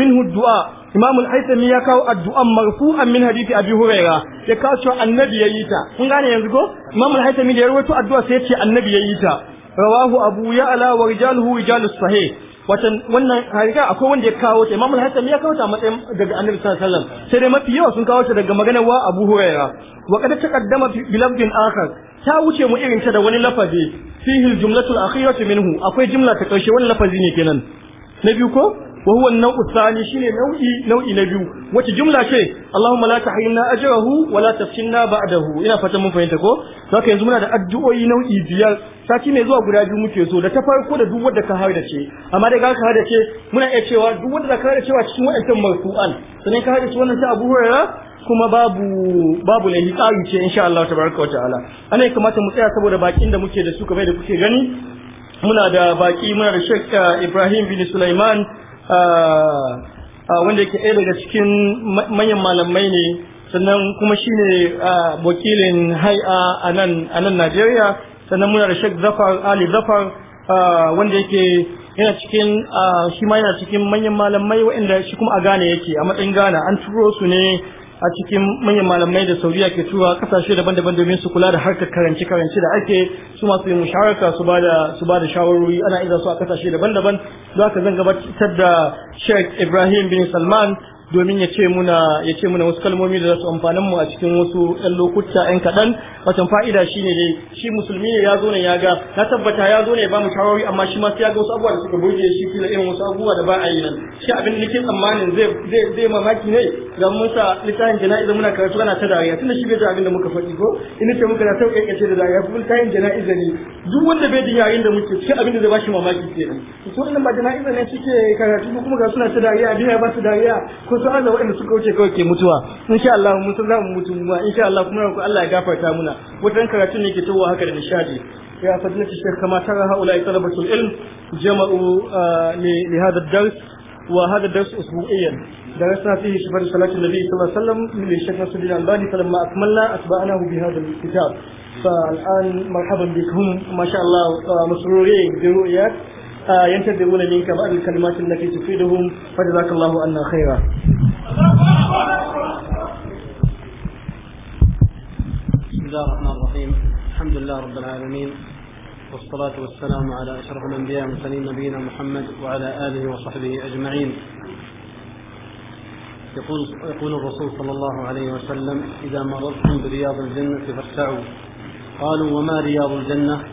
Speaker 2: min hudu'a. Imam al-Haythami ya kawo addu'an marfu'an min hadisi Abi Huraira ya kawo cewa annabi yayi ta kun gane yanzu ko Imam al-Haythami da ya addu'a sai ce annabi yayi ta rawahu Abu Ya'la wa rijaluhu rijalus sahih watan wannan harika akwai wanda ya kawo ta Imam al ya kawo ta matsayin daga Annabi sallallahu alaihi wasallam sai dai mafi yawa sun kawo ta daga maganar wa Abu Hurairah wa kad taqaddama bi lafdin akhar ta wuce mu irin ta da wani lafazi fihi al-jumlatu al-akhiratu minhu akwai jumla ta karshe wani lafazi ne kenan na biyu ko wa huwa an shine nau'i nau'i na biyu wace jumla ce Allahumma la tahrimna wala tafkin na tafsinna ba'dahu ina fatan mun fahimta ko to kai yanzu muna da addu'o'i nau'i biyar sati mai zuwa guda biyu muke so da ta farko da duk wanda ka haɗa ce amma dai ka haɗa ce muna iya cewa duk wanda ka haɗa cewa cikin waɗancan marfu'an sannan ka haɗa ce wannan ta Abu Hurairah kuma babu babu ne tsari ce insha Allah tabaraka wa ta'ala ana kamata mu tsaya saboda bakin da muke da su kamar da kuke gani muna da baki muna da Sheikh eh, Ibrahim bin Sulaiman wanda yake ɗaya daga cikin manyan malamai ne sannan kuma shi ne wakilin hai'a a nan Najeriya sannan muna da Sheikh Zafar Ali Zafar wanda yake yana cikin shi ma yana cikin manyan malamai waɗanda shi kuma a Ghana yake a matsayin Ghana an turo su ne a cikin manyan malamai da sauriya ke tura kasashe daban-daban domin su kula da harkar karance-karance da ake su masu yin musharaka su ba da su ba da shawarwari ana iza su a kasashe daban-daban za ka zanga gabatar da sheikh ibrahim bin salman domin ya ce muna ya ce muna wasu kalmomi da za su amfanin mu a cikin wasu ɗan lokuta 'yan kaɗan watan fa'ida shine dai shi musulmi ne ya zo ne ya ga na tabbata ya zo ne ba mu shawari amma shi ma sai ya ga wasu abubuwa da suka burge shi kila irin wasu abubuwa da ba a yi nan shi abin nake tsammanin zai zai zai mamaki ne ga mun sa littafin jana'iza muna karatu ana ta dariya tunda shi bai ji abin da muka faɗi ko in nake muka na sau kankace da dariya kuma littafin jana'iza ne duk wanda bai ji yayin da muke shi abin da zai ba shi mamaki kenan to wannan ba jana'iza ne suke karatu ko kuma ga suna ta dariya abin ya ba su dariya ko su Allah wanda suka wuce kawai ke mutuwa insha Allah mun san za mu mutu mu insha Allah kuma Allah ya gafarta muna wajen karatu ne ke tawa هكذا da يا فضيلة الشيخ كما ترى هؤلاء طلبة العلم جمعوا آه، لهذا الدرس وهذا الدرس أسبوعيا درسنا فيه شفاء صلاة النبي صلى الله عليه وسلم للشيخ نصر الدين الألباني فلما أكملنا أتبعناه بهذا الكتاب فالآن مرحبا بكم ما شاء الله آه، مسرورين برؤيات آه، ينتظرون منك بعض الكلمات التي تفيدهم فجزاك الله عنا خيرا
Speaker 3: بسم الله الرحمن الرحيم الحمد لله رب العالمين والصلاة والسلام على أشرف الأنبياء المرسلين نبينا محمد وعلى آله وصحبه أجمعين يقول, يقول الرسول صلى الله عليه وسلم إذا مررتم برياض الجنة فارتعوا قالوا وما رياض الجنة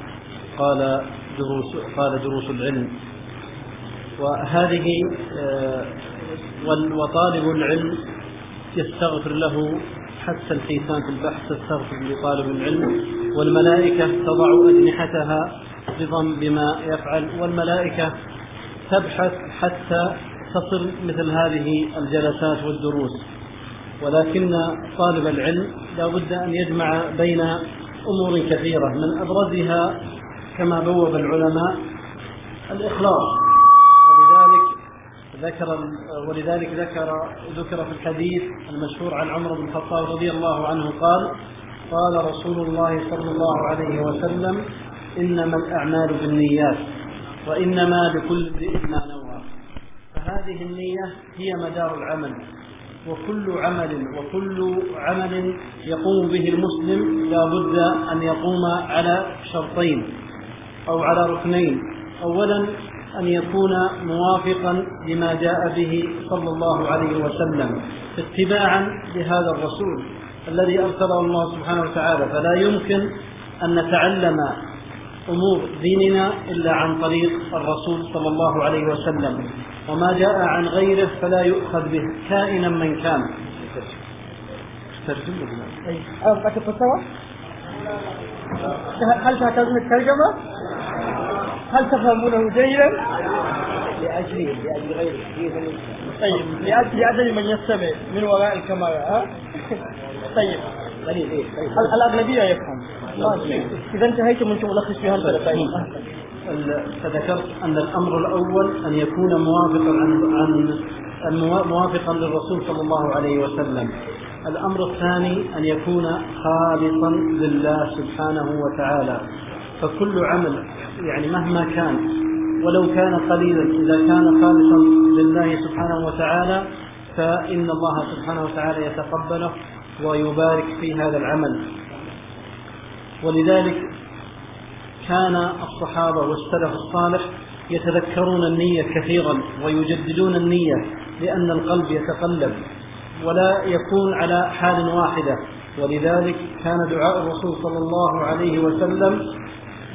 Speaker 3: قال دروس, قال دروس العلم وهذه آه، وطالب العلم يستغفر له حتى الحيتان في البحث تستغفر لطالب العلم والملائكة تضع أجنحتها رضا بما يفعل والملائكة تبحث حتى تصل مثل هذه الجلسات والدروس ولكن طالب العلم لا بد أن يجمع بين أمور كثيرة من أبرزها كما بوب العلماء الإخلاص ولذلك ذكر ولذلك ذكر ذكر في الحديث المشهور عن عمر بن الخطاب رضي الله عنه قال قال رسول الله صلى الله عليه وسلم إنما الأعمال بالنيات وإنما لكل امرئ ما نوى فهذه النية هي مدار العمل وكل عمل وكل عمل يقوم به المسلم لا بد أن يقوم على شرطين أو على ركنين أولا أن يكون موافقا لما جاء به صلى الله عليه وسلم اتباعا لهذا الرسول الذي أرسله الله سبحانه وتعالى فلا يمكن أن نتعلم أمور ديننا إلا عن طريق الرسول صلى الله عليه وسلم وما جاء عن غيره فلا يؤخذ به كائنا من كان هل تحتاجون الترجمة؟ هل تفهمونه جيدا؟ لأجل لأجل غيره طيب لأجل من يستمع من وراء الكاميرا ها؟
Speaker 2: طيب الاغلبيه يفهم اذا
Speaker 3: انتهيتم انتم ملخص في هذا فذكرت ان الامر الاول ان يكون موافقا عن عن موافقا للرسول صلى الله عليه وسلم الامر الثاني ان يكون خالصا لله سبحانه وتعالى فكل عمل يعني مهما كان ولو كان قليلا اذا كان خالصا لله سبحانه وتعالى فان الله سبحانه وتعالى يتقبله ويبارك في هذا العمل ولذلك كان الصحابة والسلف الصالح يتذكرون النية كثيرا ويجددون النية لأن القلب يتقلب ولا يكون على حال واحدة ولذلك كان دعاء الرسول صلى الله عليه وسلم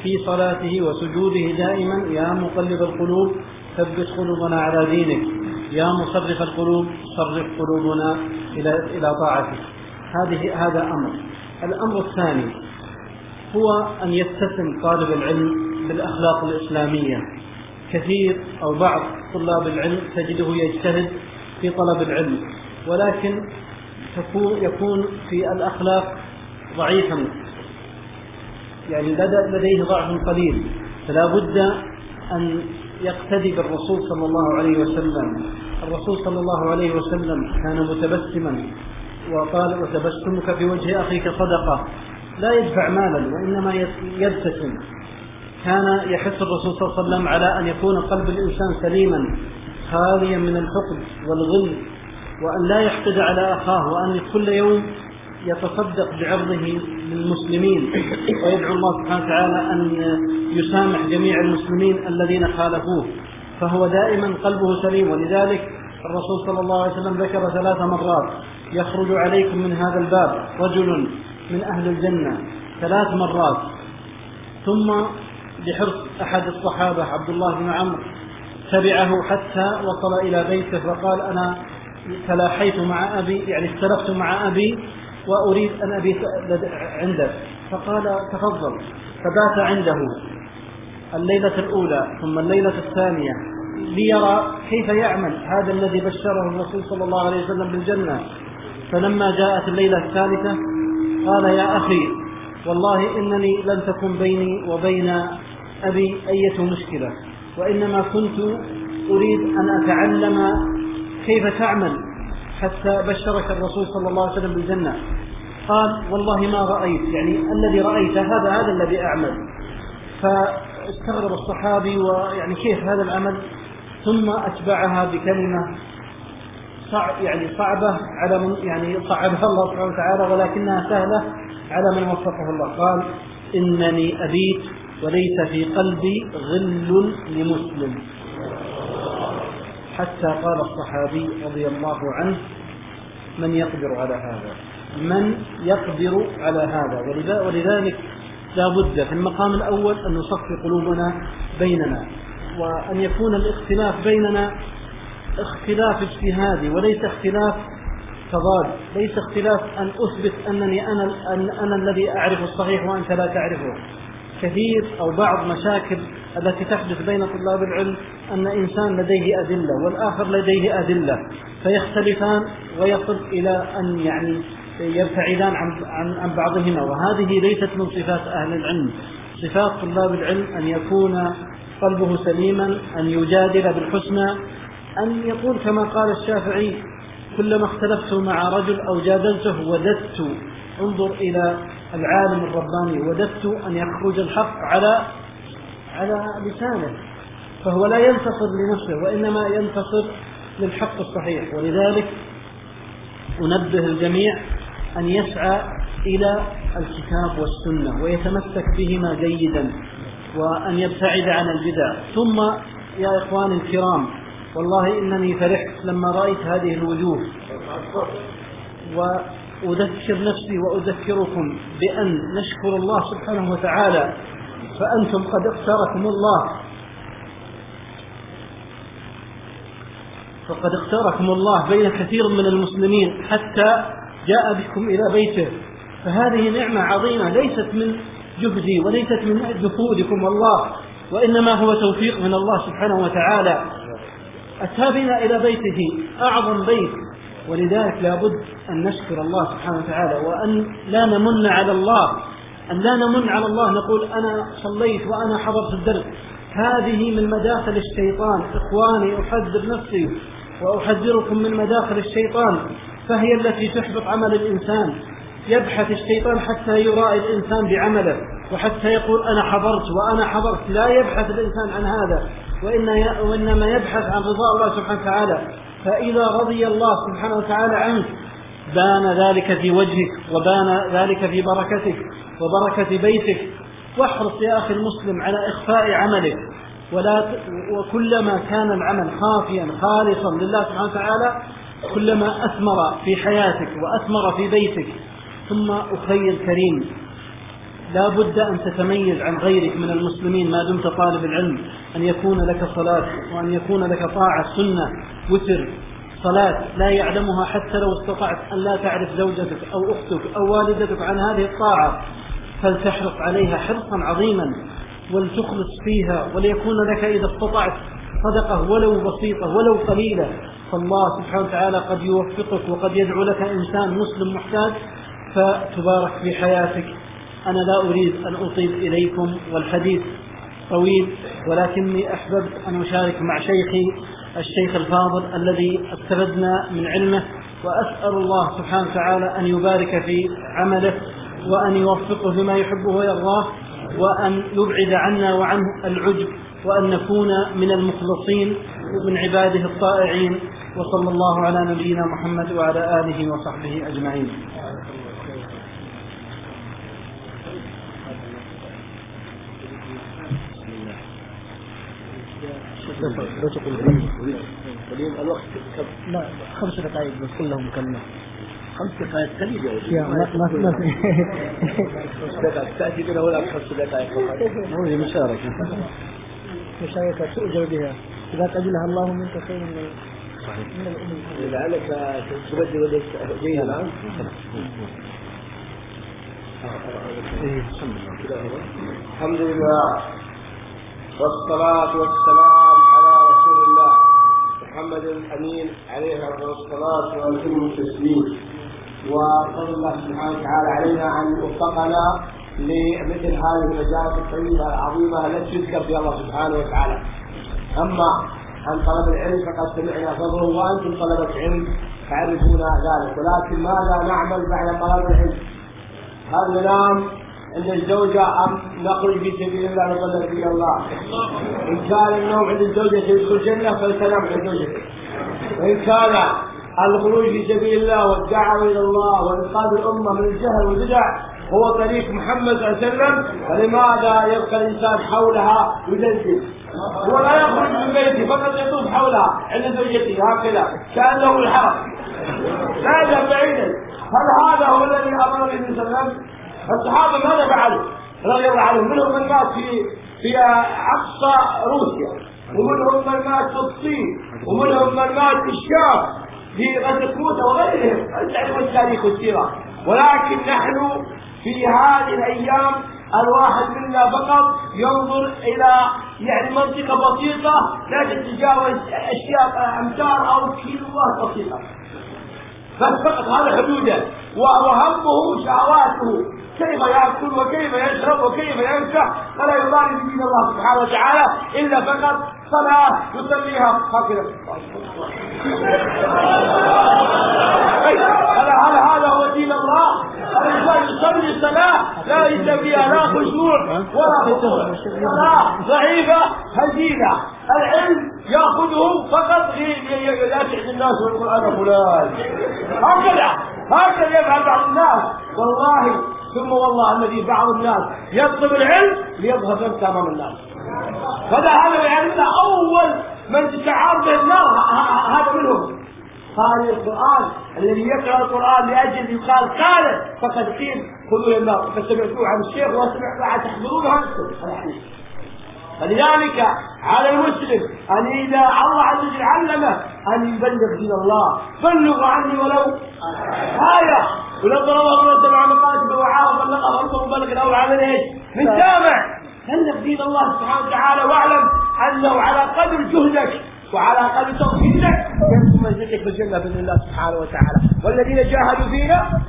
Speaker 3: في صلاته وسجوده دائما يا مقلب القلوب ثبت قلوبنا على دينك يا مصرف القلوب صرف قلوبنا إلى طاعتك هذه هذا أمر الأمر الثاني هو أن يتسم طالب العلم بالأخلاق الإسلامية كثير أو بعض طلاب العلم تجده يجتهد في طلب العلم ولكن يكون في الأخلاق ضعيفا يعني لديه ضعف قليل فلا بد أن يقتدي بالرسول صلى الله عليه وسلم الرسول صلى الله عليه وسلم كان متبسما وقال وتبسمك في وجه أخيك صدقة لا يدفع مالا وإنما يبتسم كان يحث الرسول صلى الله عليه وسلم على أن يكون قلب الإنسان سليما خاليا من الحقد والغل وأن لا يحقد على أخاه وأن كل يوم يتصدق بعرضه للمسلمين ويدعو الله سبحانه وتعالى أن يسامح جميع المسلمين الذين خالفوه فهو دائما قلبه سليم ولذلك الرسول صلى الله عليه وسلم ذكر ثلاث مرات يخرج عليكم من هذا الباب رجل من أهل الجنة ثلاث مرات ثم بحرص أحد الصحابة عبد الله بن عمرو تبعه حتى وصل إلى بيته وقال أنا تلاحيت مع أبي يعني اختلفت مع أبي وأريد أن أبيت عندك فقال تفضل فبات عنده الليلة الأولى ثم الليلة الثانية ليرى كيف يعمل هذا الذي بشره الرسول صلى الله عليه وسلم بالجنة فلما جاءت الليلة الثالثة قال يا أخي والله إنني لم تكن بيني وبين أبي أية مشكلة وإنما كنت أريد أن أتعلم كيف تعمل حتى بشرك الرسول صلى الله عليه وسلم بالجنة قال والله ما رأيت يعني الذي رأيته هذا هذا الذي أعمل فاستغرب الصحابي ويعني كيف هذا العمل ثم أتبعها بكلمة صعب يعني صعبة على من يعني صعبها الله سبحانه وتعالى ولكنها سهلة على من وفقه الله قال إنني أبيت وليس في قلبي غل لمسلم حتى قال الصحابي رضي الله عنه من يقدر على هذا من يقدر على هذا ولذلك لا بد في المقام الأول أن نصفي قلوبنا بيننا وأن يكون الاختلاف بيننا اختلاف اجتهادي وليس اختلاف تضاد ليس اختلاف أن أثبت أنني أنا, أن أنا الذي أعرف الصحيح وأنت لا تعرفه كثير أو بعض مشاكل التي تحدث بين طلاب العلم أن إنسان لديه أدلة والآخر لديه أدلة فيختلفان ويصل إلى أن يعني يبتعدان عن, عن, بعضهما وهذه ليست من صفات أهل العلم صفات طلاب العلم أن يكون قلبه سليما أن يجادل بالحسنى أن يقول كما قال الشافعي كلما اختلفت مع رجل أو جادلته وددت انظر إلى العالم الرباني وددت أن يخرج الحق على على لسانه فهو لا ينتصر لنفسه وإنما ينتصر للحق الصحيح ولذلك أنبه الجميع أن يسعى إلى الكتاب والسنة ويتمسك بهما جيدا وأن يبتعد عن البدع ثم يا إخواني الكرام والله إنني فرحت لما رأيت هذه الوجوه وأذكر نفسي وأذكركم بأن نشكر الله سبحانه وتعالى فأنتم قد اختاركم الله فقد اختاركم الله بين كثير من المسلمين حتى جاء بكم إلى بيته فهذه نعمة عظيمة ليست من جهدي وليست من جهودكم والله وإنما هو توفيق من الله سبحانه وتعالى أتى بنا إلى بيته أعظم بيت ولذلك لابد أن نشكر الله سبحانه وتعالى وأن لا نمن على الله أن لا نمن على الله نقول أنا صليت وأنا حضرت الدرس هذه من مداخل الشيطان إخواني أحذر نفسي وأحذركم من مداخل الشيطان فهي التي تحبط عمل الإنسان يبحث الشيطان حتى يرائي الإنسان بعمله وحتى يقول أنا حضرت وأنا حضرت لا يبحث الإنسان عن هذا وإن وإنما يبحث عن رضا الله سبحانه وتعالى فإذا رضي الله سبحانه وتعالى عنك بان ذلك في وجهك وبان ذلك في بركتك وبركة بيتك واحرص يا أخي المسلم على إخفاء عملك ولا ت... وكلما كان العمل خافيا خالصا لله سبحانه وتعالى كلما أثمر في حياتك وأثمر في بيتك ثم أخي الكريم لا بد أن تتميز عن غيرك من المسلمين ما دمت طالب العلم أن يكون لك صلاة وأن يكون لك طاعة سنة وتر صلاة لا يعلمها حتى لو استطعت أن لا تعرف زوجتك أو أختك أو والدتك عن هذه الطاعة فلتحرص عليها حرصا عظيما ولتخلص فيها وليكون لك إذا استطعت صدقة ولو بسيطة ولو قليلة فالله سبحانه وتعالى قد يوفقك وقد يدعو لك إنسان مسلم محتاج فتبارك في حياتك أنا لا أريد أن أطيب إليكم والحديث طويل ولكني أحببت أن أشارك مع شيخي الشيخ الفاضل الذي استفدنا من علمه وأسأل الله سبحانه وتعالى أن يبارك في عمله وأن يوفقه لما يحبه ويرضاه وأن يبعد عنا وعنه العجب وأن نكون من المخلصين ومن عباده الطائعين وصلى الله على نبينا محمد وعلى آله وصحبه أجمعين رتق الهريم الوقت كم؟ خمس دقائق بس كلهم مكملة خمس دقائق
Speaker 4: قليلة يا ما ما ما خمس دقائق تأتي بنا ولا خمس دقائق هذه مشاركة مشاركة تؤجر بها إذا قبلها الله
Speaker 3: منك خير من
Speaker 4: لعلك تبدل ليس جيد الآن الحمد لله والصلاة والسلام على رسول الله محمد الأمين عليه الصلاة والسلام التسليم وفضل الله سبحانه وتعالى علينا أن يوفقنا لمثل هذه المجالس الطيبة العظيمة التي تذكر في الله سبحانه وتعالى أما عن طلب العلم فقد سمعنا فضله وأنتم طلبة علم تعرفون ذلك ولكن ماذا نعمل بعد طلب العلم؟ هذا الكلام عند الزوجة أم نخرج في سبيل الله نصلي في الله إن كان النوم عند الزوجة في الجنة فالسلام عند زوجته وإن كان الخروج في سبيل الله والدعوة إلى الله وإنقاذ الأمة من الجهل والبدع هو طريق محمد صلى الله عليه وسلم فلماذا يبقى الإنسان حولها هو لا يخرج من بيته فقط يطوف حولها عند زوجته هكذا كأنه الحرم لا بعيدا هل هذا هو الذي أمر به صلى الله عليه وسلم فالصحابة ماذا فعلوا؟ رضي الله عنهم منهم من مات في في آه، أقصى روسيا ومنهم من مات في الصين ومنهم من مات في الشام في غزة موسى وغيرهم تعرف يعني التاريخ والسيرة ولكن نحن في هذه الأيام الواحد منا فقط ينظر الى يعني منطقه بسيطه لا تتجاوز اشياء آه، امتار او كيلوات بسيطه بس فقط هذا حدوده وهمه شهواته كيف يأكل وكيف يشرب وكيف يمسح فلا يبالي بدين الله سبحانه وتعالى إلا فقط صلاة يصليها هكذا
Speaker 1: هل هل
Speaker 4: هذا هو دين الله؟ الإنسان يصلي صلاة لا ليس فيها لا خشوع ولا خشوع صلاة ضعيفة هزيلة العلم يأخذه فقط لأسعد الناس والقرآن فلان هكذا هكذا يفعل بعض الناس والله ثم والله الذي بعض الناس يطلب العلم ليظهر انت امام الناس فذا هذا العلم اول من تتعاطى به النار هذا منهم قال القرآن الذي يقرأ القرآن لأجل يقال قال فقد قيل خذوا النار فسمعتوه عن الشيخ وسمعتوا عن تحضرونها فلذلك على المسلم أن إذا الله عز وجل علمه أن يبلغ دين الله بلغ عني ولو آية ولما روى ابن الجماعة مقالة بوعاء وبلغه ألف مبلغ أو على إيش؟ من جامع بلغ دين الله سبحانه وتعالى واعلم أنه على قدر جهدك وعلى قدر توحيدك ينزل منزلك بالجنة بإذن الله سبحانه وتعالى والذين جاهدوا فينا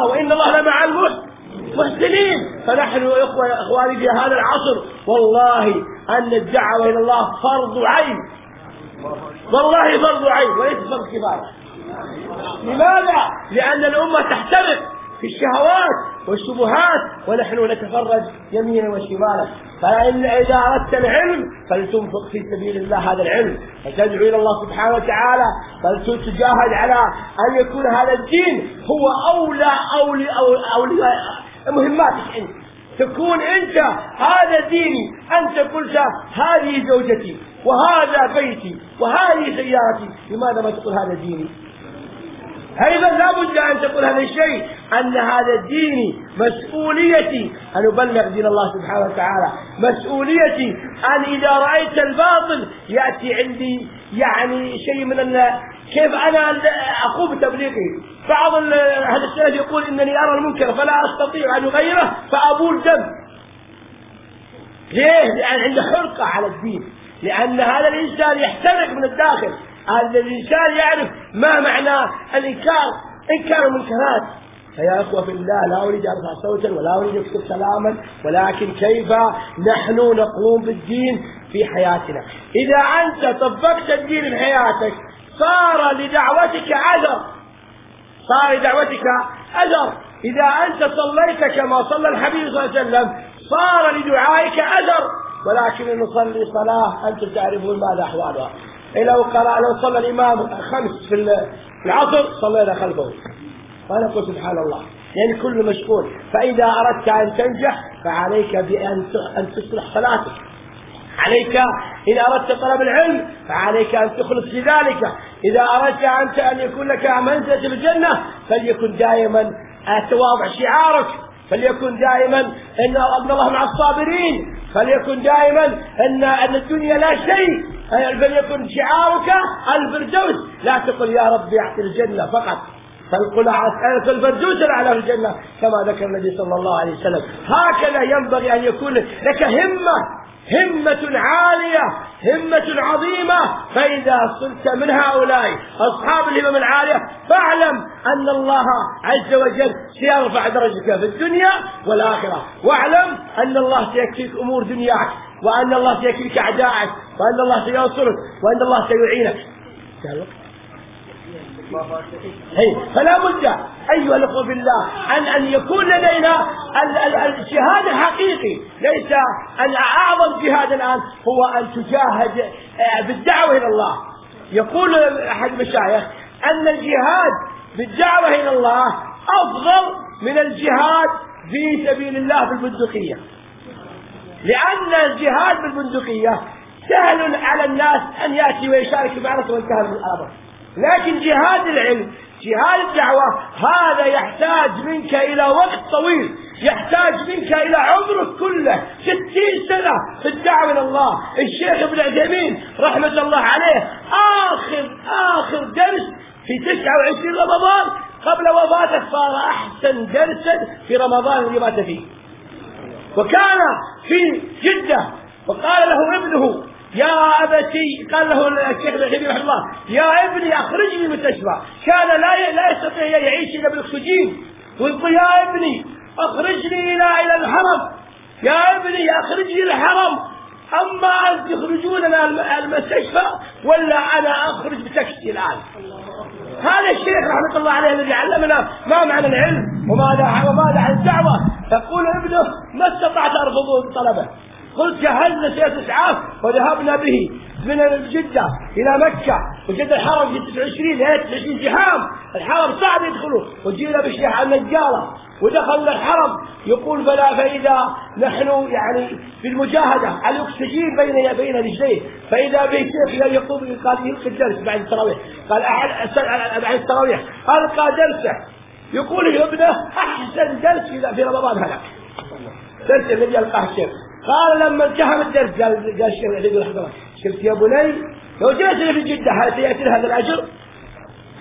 Speaker 4: آه، وإن الله لمع المحسنين فنحن يا إخوة إخواني في هذا العصر والله أن الدعوة إلى الله فرض عين والله فرض عين وليس فرض كفاية لماذا؟ لأن الأمة تحترق في الشهوات والشبهات ونحن نتفرج يمينا وشمالا فإن إذا أردت العلم فلتنفق في سبيل الله هذا العلم فتدعو إلى الله سبحانه وتعالى فلتجاهد على أن يكون هذا الدين هو أولى أولي أولي, أولي مهماتك أنت تكون أنت هذا ديني أنت قلت هذه زوجتي وهذا بيتي وهذه سيارتي لماذا ما تقول هذا ديني أيضا لا بد أن تقول هذا الشيء أن هذا ديني مسؤوليتي أن أبلغ دين الله سبحانه وتعالى مسؤوليتي أن إذا رأيت الباطل يأتي عندي يعني شيء من كيف أنا أقوم بتبليغه بعض أهل السلف يقول إنني أرى المنكر فلا أستطيع أن أغيره فأبول دم ليه؟ لأن عنده حرقة على الدين لأن هذا الإنسان يحترق من الداخل هذا الإنسان يعرف ما معنى الإنكار إنكار المنكرات فيا أخوة في الله لا أريد أرفع صوتا ولا أريد أكتب سلاما ولكن كيف نحن نقوم بالدين في حياتنا إذا أنت طبقت الدين في حياتك صار لدعوتك أثر صار لدعوتك أثر إذا أنت صليت كما صلى الحبيب صلى الله عليه وسلم صار لدعائك أثر ولكن نصلي صلاة أنتم تعرفون ماذا أحوالها لو قرأ لو صلى الإمام خمس في العصر صلينا خلفه وأنا أقول سبحان الله يعني كل مشغول فإذا أردت أن تنجح فعليك بأن أن تصلح صلاتك عليك إذا أردت طلب العلم فعليك أن تخلص في ذلك إذا أردت أنت أن يكون لك منزلة في الجنة فليكن دائما تواضع شعارك فليكن دائما ان ان الله مع الصابرين فليكن دائما ان ان الدنيا لا شيء فليكن شعارك الفردوس لا تقل يا ربي اعطي الجنه فقط فالقل اسالك آية الفردوس الاعلى في الجنه كما ذكر النبي صلى الله عليه وسلم هكذا ينبغي ان يكون لك همه همة عالية همة عظيمة فإذا صرت من هؤلاء أصحاب الهمم العالية فاعلم أن الله عز وجل سيرفع درجتك في الدنيا والآخرة واعلم أن الله سيكفيك أمور دنياك وأن الله سيكفيك أعدائك وأن الله سينصرك وأن الله سيعينك فلا بد أيها الأخوة بالله أن أن يكون لدينا الجهاد الحقيقي ليس الأعظم جهاد الآن هو أن تجاهد آه، بالدعوة إلى الله يقول أحد المشايخ أن الجهاد بالدعوة إلى الله أفضل من الجهاد في سبيل الله في البندقيه لأن الجهاد بالبندقية سهل على الناس أن يأتي ويشارك معركة وينتهى من الأمر لكن جهاد العلم جهاد الدعوة هذا يحتاج منك إلى وقت طويل يحتاج منك إلى عمرك كله ستين سنة في الدعوة إلى الله الشيخ ابن عثيمين رحمة الله عليه آخر آخر درس في 29 رمضان قبل وفاته صار أحسن درسا في رمضان اللي مات فيه وكان في جدة وقال له ابنه يا أبتي قال له الشيخ العثيمين رحمه الله يا ابني أخرجني من المستشفى كان لا لا يستطيع يعيش إلا بالأكسجين ويقول يا ابني أخرجني إلى إلى الحرم يا ابني أخرجني الحرم أما أن تخرجوننا المستشفى ولا أنا أخرج بتكتي الآن هذا الشيخ رحمة الله عليه الذي علمنا ما معنى العلم وماذا وماذا عن الدعوة يقول ابنه ما استطعت أرفض طلبه قلت جهزنا سيارة إسعاف وذهبنا به من الجدة إلى مكة وجد الحرم في 29 ليلة 20 زحام الحرم صعب يدخله وجينا بالشيخ عن النجارة ودخلنا الحرم يقول بلى فإذا نحن يعني في المجاهدة على الأكسجين بين بين رجليه فإذا به شيخ يقوم قال يلقي الدرس بعد التراويح قال أحد بعد التراويح ألقى درسه يقول ابنه أحسن درس في رمضان هذا درس الذي يلقاه الشيخ قال لما انتهى من الدرس قال قال الشيخ يقول حضرتك شفت يا بني لو جلست في جدة هل سيأتي هذا الأجر؟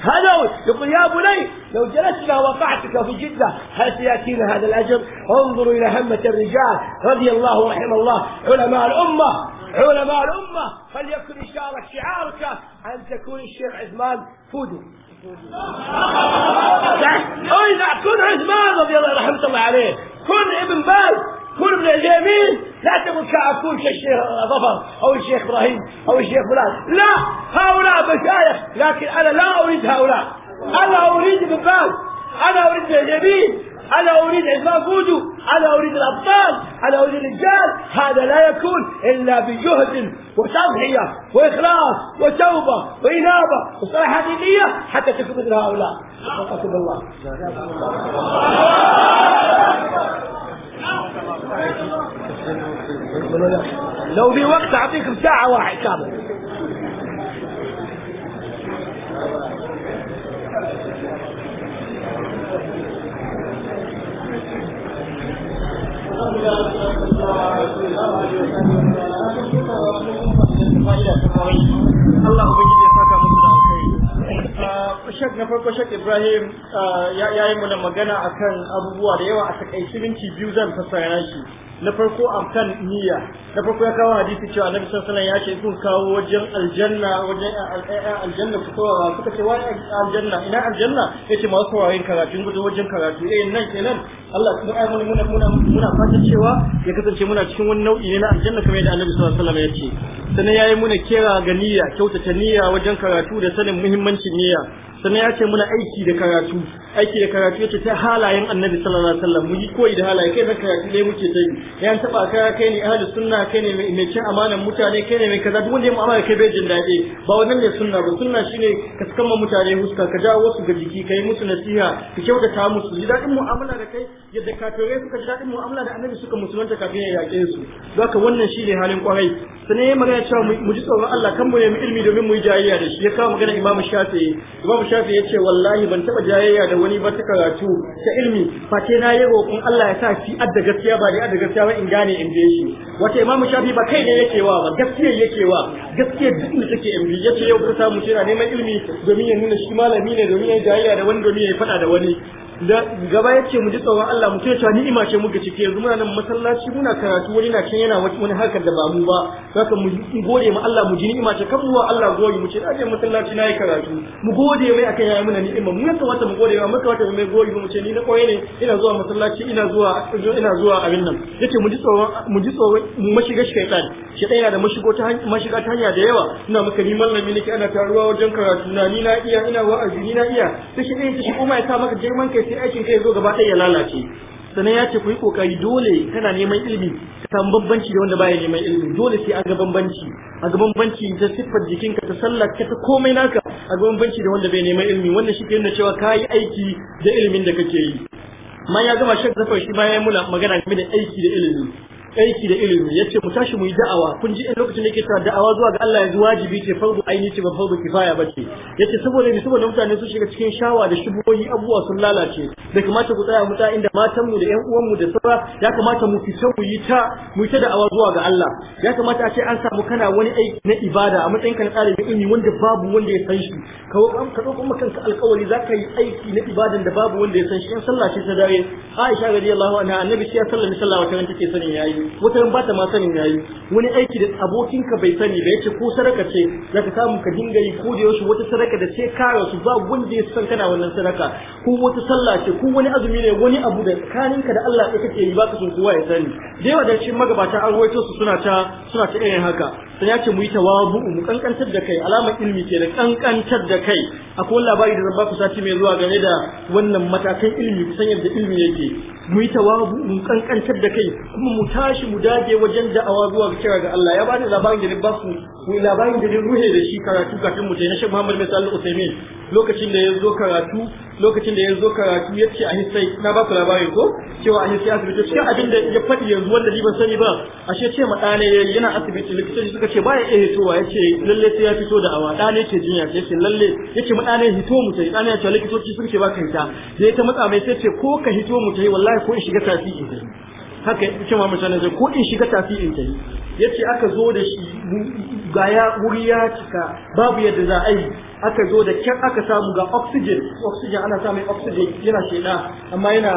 Speaker 4: هذا هو يقول يا بني لو جلسنا وقعتك في جدة هل سيأتينا هذا الأجر انظروا إلى همة الرجال رضي الله ورحمه الله علماء الأمة علماء الأمة فليكن إن شاء الله شعارك أن تكون الشيخ عثمان فودو أي كن عثمان رضي الله رحمة الله عليه كن ابن باز كل من اليمين لا تقول كعكول كالشيخ ظفر او الشيخ ابراهيم او الشيخ فلان لا هؤلاء مشايخ لكن انا لا اريد هؤلاء انا اريد ابن باز انا اريد اليمين انا اريد عثمان فوجو انا اريد الابطال انا اريد الرجال هذا لا يكون الا بجهد وتضحيه واخلاص وتوبه وانابه وصلاح حقيقيه حتى تكون مثل هؤلاء وفقكم الله لو في وقت اعطيكم ساعة واحد كامل
Speaker 1: الله shek na farko shek ibrahim
Speaker 2: uh, ya yi muna magana akan abubuwa da yawa a takai minti biyu zan fassara shi na farko akan niyya na farko ya kawo hadisi cewa annabi sallallahu alaihi wasallam ya ce kun kawo wajen aljanna wajen aljanna ku kawo kuka ce wai aljanna ina aljanna yace ma kawo yin karatu gudu wajen karatu eh nan kenan Allah kuma ai muna muna muna fata cewa ya kasance muna cikin wani nau'i ne na aljanna kamar yadda annabi sallallahu alaihi wasallam ya ce sannan yayi muna kera ga niyya kyautata niyya wajen karatu da sanin muhimmancin niyya sannan ya ce muna aiki da karatu aiki da karatu yace ta halayen annabi sallallahu alaihi wasallam muyi koyi da halaye kai zan karatu ne muke ta yi ya taba ka kai ne ahli sunna kai ne mai cin amanan mutane kai ne mai kaza duk wanda ya mu'amala kai bai jin daɗi ba wannan ne sunna ba sunna shine ka kama mutane huska ka jawo wasu ga jiki kai musu nasiha ka kyautata musu ji daɗin mu'amala da kai yadda su, ka ji daɗin mu'amala da annabi suka musulunta kafin ya yaƙe su zaka wannan shine halin kwarai sannan ya magana cewa mu ji tsoron Allah kan mu nemi ilimi domin mu yi jayayya da shi ya kawo magana imamu Shafi'i imamu shafi ya ce wallahi ban taɓa jayayya da wani ba ta karatu ta ilmi face na yi roƙon Allah ya sa shi adda gaskiya ba ne adda gaskiya ba in gane in biye shi wata imamu shafi ba kai ne yake wa ba gaskiya yake wa Gaskiya duk da take in biye ce yau ka samu shi na neman ilmi domin ya nuna shi malami ne domin ya jayayya da wani domin ya faɗa da wani gaba ya ce mu ji tsoron Allah mu ce ima ce muka ciki yanzu muna nan masallaci muna karatu wani na can yana wani harkar da ba mu ba saka mu gode mu Allah mu ji ima ce kan wa Allah goyi mu ce da masallaci nayi yi karatu mu gode mai akan yayi muna ima mu yasa wata mu gode wa maka wata mai goyi mu ce ni na koyi ne ina zuwa masallaci ina zuwa ina zuwa abin nan yace mu ji tsoron mu ji tsoron mu mashiga shaytan shaytan yana da mashigo ta mashiga ta hanya da yawa ina maka ni mallami nake ana taruwa wajen karatu na ni na iya ina wa'azi ni na iya sai shi ne shi kuma ya sa maka girman kai sai aikin kai zo gaba ɗaya ya lalace sannan ya ce ku yi kokari dole kana neman ilimi ka samu bambanci da wanda baya neman ilimi dole sai a ga bambanci a ga bambanci ta siffar ka ta sallar ka ta komai naka a ga bambanci da wanda bai neman ilimi wannan shi ke nuna cewa ka yi aiki da ilimin da kake yi ma ya zama shek zafar shi ma ya yi mula magana game da aiki da ilimi aiki da ilimi Ya ce mu tashi mu yi da'awa kun ji lokacin da yake cewa da'awa zuwa ga Allah yanzu wajibi ce fardu aini ce ba fardu kifaya ya ce saboda ne saboda mutane sun shiga cikin shawa da shubuhoyi abubuwa sun lalace da kamata ku tsaya muta inda matanmu da ƴan uwan da saura ya kamata mu fita mu yi ta mu yi ta da'awa zuwa ga Allah ya kamata a ce an samu kana wani aiki na ibada a matsayin ka na tsarin ilimi wanda babu wanda ya san shi ka ka kuma kanka alƙawari za ka yi aiki na ibadan da babu wanda ya san shi in sallah ce ta dare Aisha radiyallahu anha annabi shi ya sallami sallah wata take sanin yayi wata ba ta ma sanin yayi wani aiki da abokinka bai sani da yace ko sadaka ce zaka samu ka dinga yi ko da yaushe wata sadaka da ce kare su ba wanda ya san kana wannan sadaka ko wata sallah ce ko wani azumi ne wani abu da tsakaninka da Allah ya kake yi ka san kowa ya sani da yawa da shi magabata an ruwaito su suna ta suna ta irin haka sai yace mu yi tawabu mu kankantar da kai alamar ilimi ke da kankantar da kai akwai labari da zan ku sati mai zuwa game da wannan matakan ilmi kusan yadda ilmi yake mu yi tawabu mu kankantar da kai kuma mu tashi mu dage wajen da'awa zuwa kira ga Allah ya bani labarin da ba su mu labarin da ruhe da shi karatu kafin mu je na Sheikh Muhammad bin Salih Uthaymeen lokacin da ya zo karatu lokacin da ya zo karatu ya ce a hisai na ba ku labarin ko cewa a hisai asibiti cikin abin da ya faɗi yanzu wanda ni ban sani ba ashe ce ma ɗane yana asibiti likitoci suka ce baya iya hitowa ya ce lalle sai ya fito da awa ɗane ke jinya ya ce lalle ya ce ma ɗane hito mu sai ɗane ya ce likitoci sun ce ba ka hita da ya ta matsa mai sai ce ko ka hito mu ta yi wallahi ko in shiga tafi haka ya ce mamu sanar zai ko in shiga tafi in tafi ya ce aka zo da shi ga ya wuri ya cika babu yadda za a yi aka zo da kyan aka samu ga oxygen oxygen ana samun oxygen yana sheda amma yana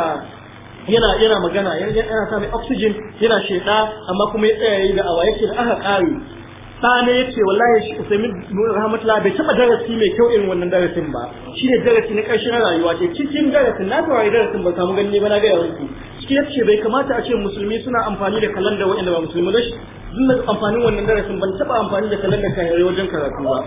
Speaker 2: yana yana magana yana samun oxygen yana sheda amma kuma ya tsaya yi da awa yake da aka kare sani ya ce wallahi shi usaimin rahmatullah bai taɓa darasi mai kyau irin wannan darasin ba shi ne darasi na karshen rayuwa ce cikin darasin na saurari darasin ba samu gani ba na gaya wanki shi ya ce bai kamata a ce musulmi suna amfani da kalanda waɗanda ba musulmi ba duk da amfanin wannan darasin ban taba amfani da kan kayayyar wajen karatu ba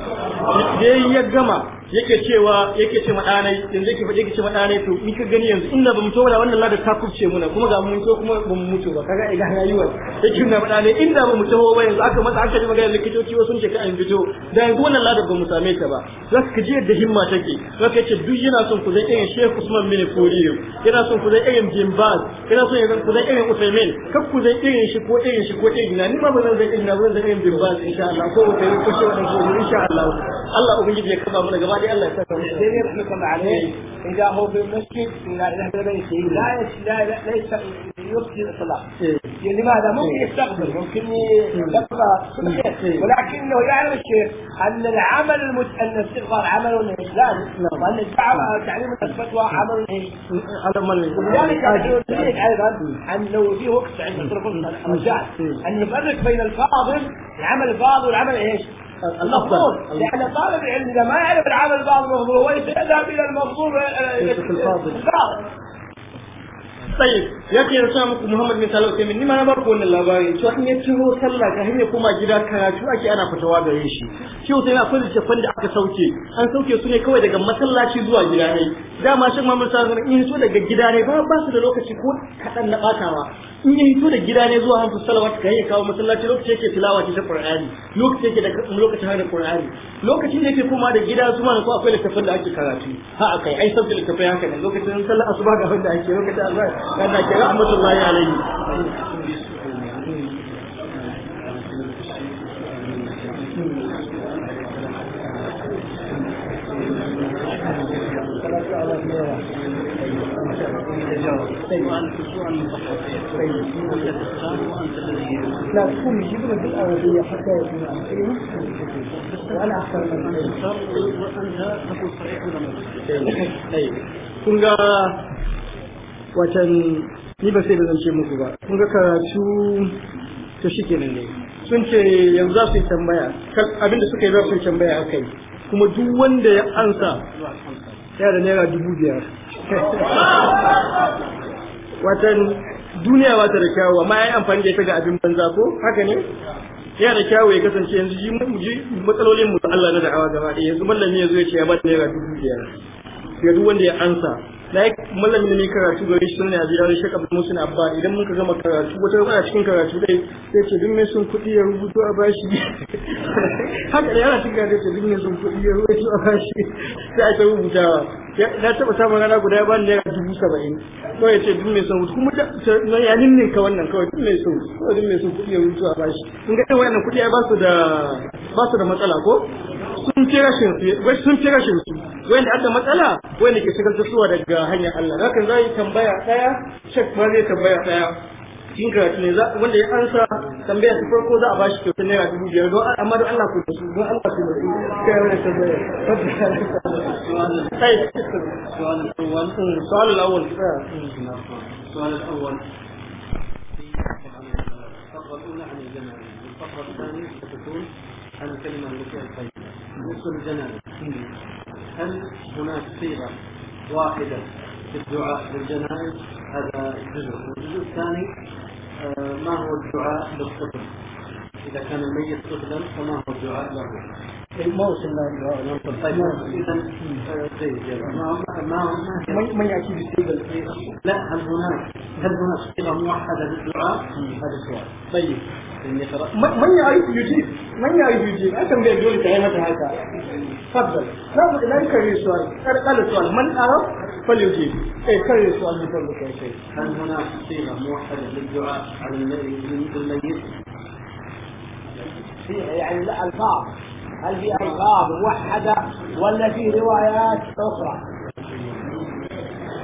Speaker 2: dai ya gama yake cewa yake ce madanai yanzu yake faɗi yake ce madanai to ni ka gani yanzu inda bamu tawala wannan ladar ta kubce muna kuma ga mun so kuma bamu mutu ba kaga ga rayuwar yake na madanai inda bamu tawo ba yanzu aka masa aka ji magana likitoci wasu ce ka an fito da yanzu wannan ladar bamu same ta ba za ka ji yadda himma take ka ce duk yana son ku zai irin Sheikh Usman bin Fodiyo yana son ku zai irin Bin Baz yana son ku zai irin Uthaymeen kar ku zai irin shi ko irin shi ko irin ni ma mu nan zai ina wurin zai bin ba insha Allah ko wata yi kushe wannan ko insha Allah
Speaker 4: Allah ubangiji ya kafa mana gaba dai Allah ya saka mu sai ne kuma alai idan ho bil masjid la ilaha illa la ilaha illa يصل الطلاق يعني لماذا ممكن إيه. يستقبل ممكن شيء إيه. إيه. ولكنه يعلم الشيخ ان العمل المت... ان الاستغفار عمل اسلامي نعم. وان الدعوه تعليم الفتوى نعم.
Speaker 1: عمل ولذلك نريد نعم. ايضا
Speaker 4: ان لو في وقت عند الرجال ان نفرق بين الفاضل العمل الفاضل والعمل ايش؟ المفضول لان طالب العلم اذا ما يعرف العمل الفاضل المفضول هو يذهب الى المفضول الفاضل
Speaker 2: tsaye ya ce ya sa muku Muhammad bin Salau sai ni ma na wannan labari to in ya ciro sallah ka hanya kuma gida karatu ake ana fitawa gare shi shi sai na fara tafan da aka sauke an sauke su ne kawai daga masallaci zuwa gida ne dama shin Muhammad sallallahu in so daga gida ne ba ba su da lokaci ko kaɗan na batawa in ya hito da gida ne zuwa hamsu salawat kai ya kawo masallaci lokacin yake tilawa ta Qur'ani lokacin yake da lokacin hada Qur'ani lokacin da yake kuma da gida su ma ko akwai littafin da ake karatu ha akai ai sabbin littafin haka ne lokacin sallar asuba ga wanda ake lokacin azhar kana ke rahmatullahi alaihi
Speaker 1: Thank
Speaker 3: you. لا تكون جبرة بالأرضية حتى يكون أمريكا وأنا أحسن من وأنت تكون صريح ولا kun ga watan ni ba sai da zance muku ba kun ga karatu
Speaker 2: to ce yanzu za su yi tambaya abinda suka yi za su yi tambaya akai kuma duk wanda ya ansa yana da naira dubu biyar
Speaker 1: watan duniya
Speaker 2: ba ta da kyawu amma ya yi amfani da ita ga abin banza ko haka ne ya da kyawu ya kasance yanzu ji mu ji matsalolin mu Allah na da'awa gaba ɗaya yanzu mallami ya zo ya ce ya ba naira dubu biyar ya duk wanda ya ansa na yi mallami da karatu gare shi sunna abi dawud shek musu musin abba idan muka gama karatu wata ruwa cikin karatu dai sai ce sun kuɗi ya rubuto a bashi haka da yana cikin karatu sun kuɗi ya rubuto a bashi sai aka rubutawa na taɓa samun rana guda ya bani naira dubu saba'in ya ce kuma ya wannan kawai kuɗi ya rubuto a bashi kun ga wannan kuɗi ya ba su da matsala ko sun fi rashin su wai sun fi rashin su wanda aka matsala wanda ke shigar tasowa daga hanyar Allah hakan zai tambaya daya shek ma zai tambaya daya cikin karatu ne wanda ya ansa tambayar ta farko za a bashi kyautar naira dubu biyar don amma don Allah ku da su don Allah ku da su
Speaker 3: kai wani tambaya sai su'al al-awwal su'al al-awwal su'al al-awwal الفقرة الأولى عن الجماعة والفقرة الثانية ستكون عن الكلمة التي الخير وصول الجنابه هل هناك صيغه واحده في الدعاء للجنائز هذا جزء الجزء الثاني آه، ما هو الدعاء للطفل اذا كان الميت طفلا فما هو الدعاء له إيه، ما لا الدعاء للطفل طيب اذا جيد ما ما ما ياتي بالصيغه لا هل هناك هل هناك صيغه موحده للدعاء هذا السؤال طيب من يعرف يجيب من يعيش فيه ما كان بيقول كلمة هذا
Speaker 2: فضل لا يكره السؤال قال قال السؤال من أعرف فليجيب
Speaker 3: أي كره السؤال من فضلك هل هناك صيغة موحدة للدعاء على الميت
Speaker 4: يعني لا الفاظ هل في الفاظ موحدة ولا في روايات أخرى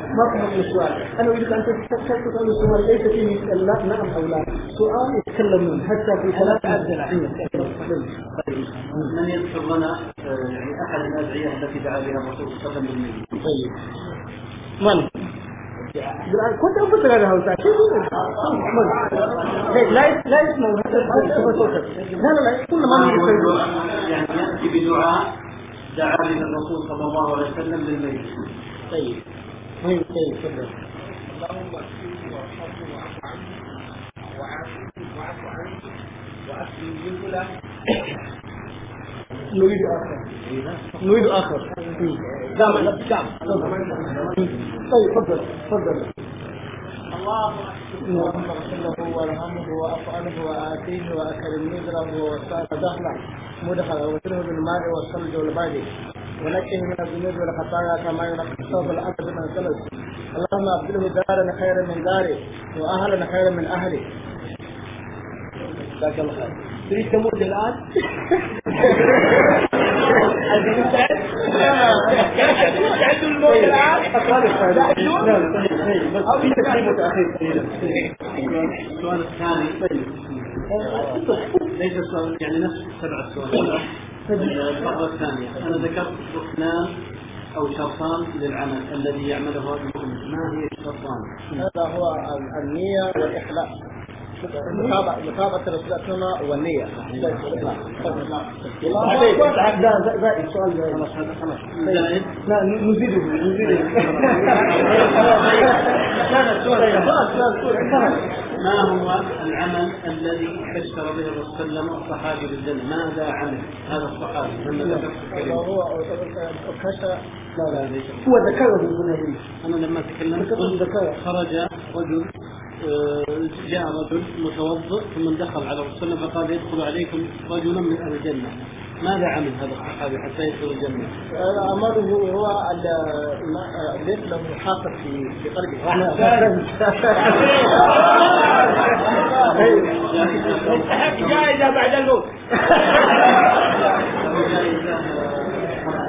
Speaker 4: ما فهمت السؤال انا اريد ان تتكلم عن السؤال ليس في لا نعم او لا سؤال
Speaker 3: يتكلمون حتى في ثلاثه ادله عندنا من يذكر لنا يعني احد الادعيه التي دعا بها الرسول صلى الله عليه وسلم طيب من؟
Speaker 2: كنت اقول لك هذا لا لا يسمع لا لا لا كل ما
Speaker 1: يعني ياتي
Speaker 3: بدعاء يعني دعا به الرسول صلى الله عليه وسلم للميت طيب طيب
Speaker 1: طيب تفضل اللهم اغفر وارحمه واعف عنه واعف عنه نريد
Speaker 4: اخر نريد اخر دعم دعم طيب تفضل تفضل الله اكبر وحمده والحمد
Speaker 3: وافعله واتيه واكرم نذره وسال دخله مدخله وسله بالماء والثلج والبرد ونكه من الذنوب والخطايا كما ينقى الثوب الابيض من الثلج
Speaker 2: اللهم ابدله دارا خيرا من داره واهلا خيرا من اهله
Speaker 4: جزاك الله خير تريد تموت الان؟ انت مستعد؟ مستعد للموت الان؟ السؤال
Speaker 1: الثاني
Speaker 3: ليس السؤال يعني نفس سبع السؤال الفقره الثانيه انا ذكرت ركنان او شرطان للعمل الذي يعمله المؤمن ما هي الشرطان؟ هذا هو النيه والاخلاص ما هو العمل الذي بشر به الرسول صلى الله عليه وسلم الصحابي بالجنة ماذا عمل هذا الصحابي لما ذكر هو هو ذكره ابن انا لما تكلمت خرج رجل جاء رجل متوضئ ثم دخل على الرسول صلى الله فقال يدخل عليكم رجلا من اهل الجنه ماذا عمل هذا الصحابي حتى يدخل الجنه؟ عمله هو ليس له حاقد
Speaker 1: في في قلبه يستحق جائزه بعد الموت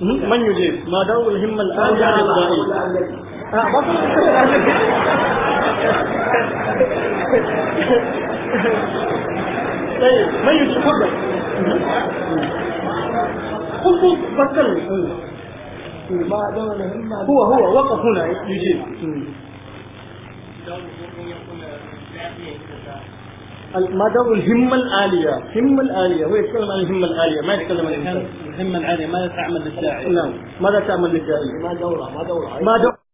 Speaker 4: man yuje ma dawul himmal aliya da da'i a ba su
Speaker 1: eh man
Speaker 2: yuje هو هو وقف هنا يجيب دور الهمة العالية الهمة العالية هو يتكلم عن الهمة العالية ما يتكلم عن الهمة العالية ماذا تعمل للداعية نعم ماذا تعمل للداعية ما دورها ما دورها ما دورها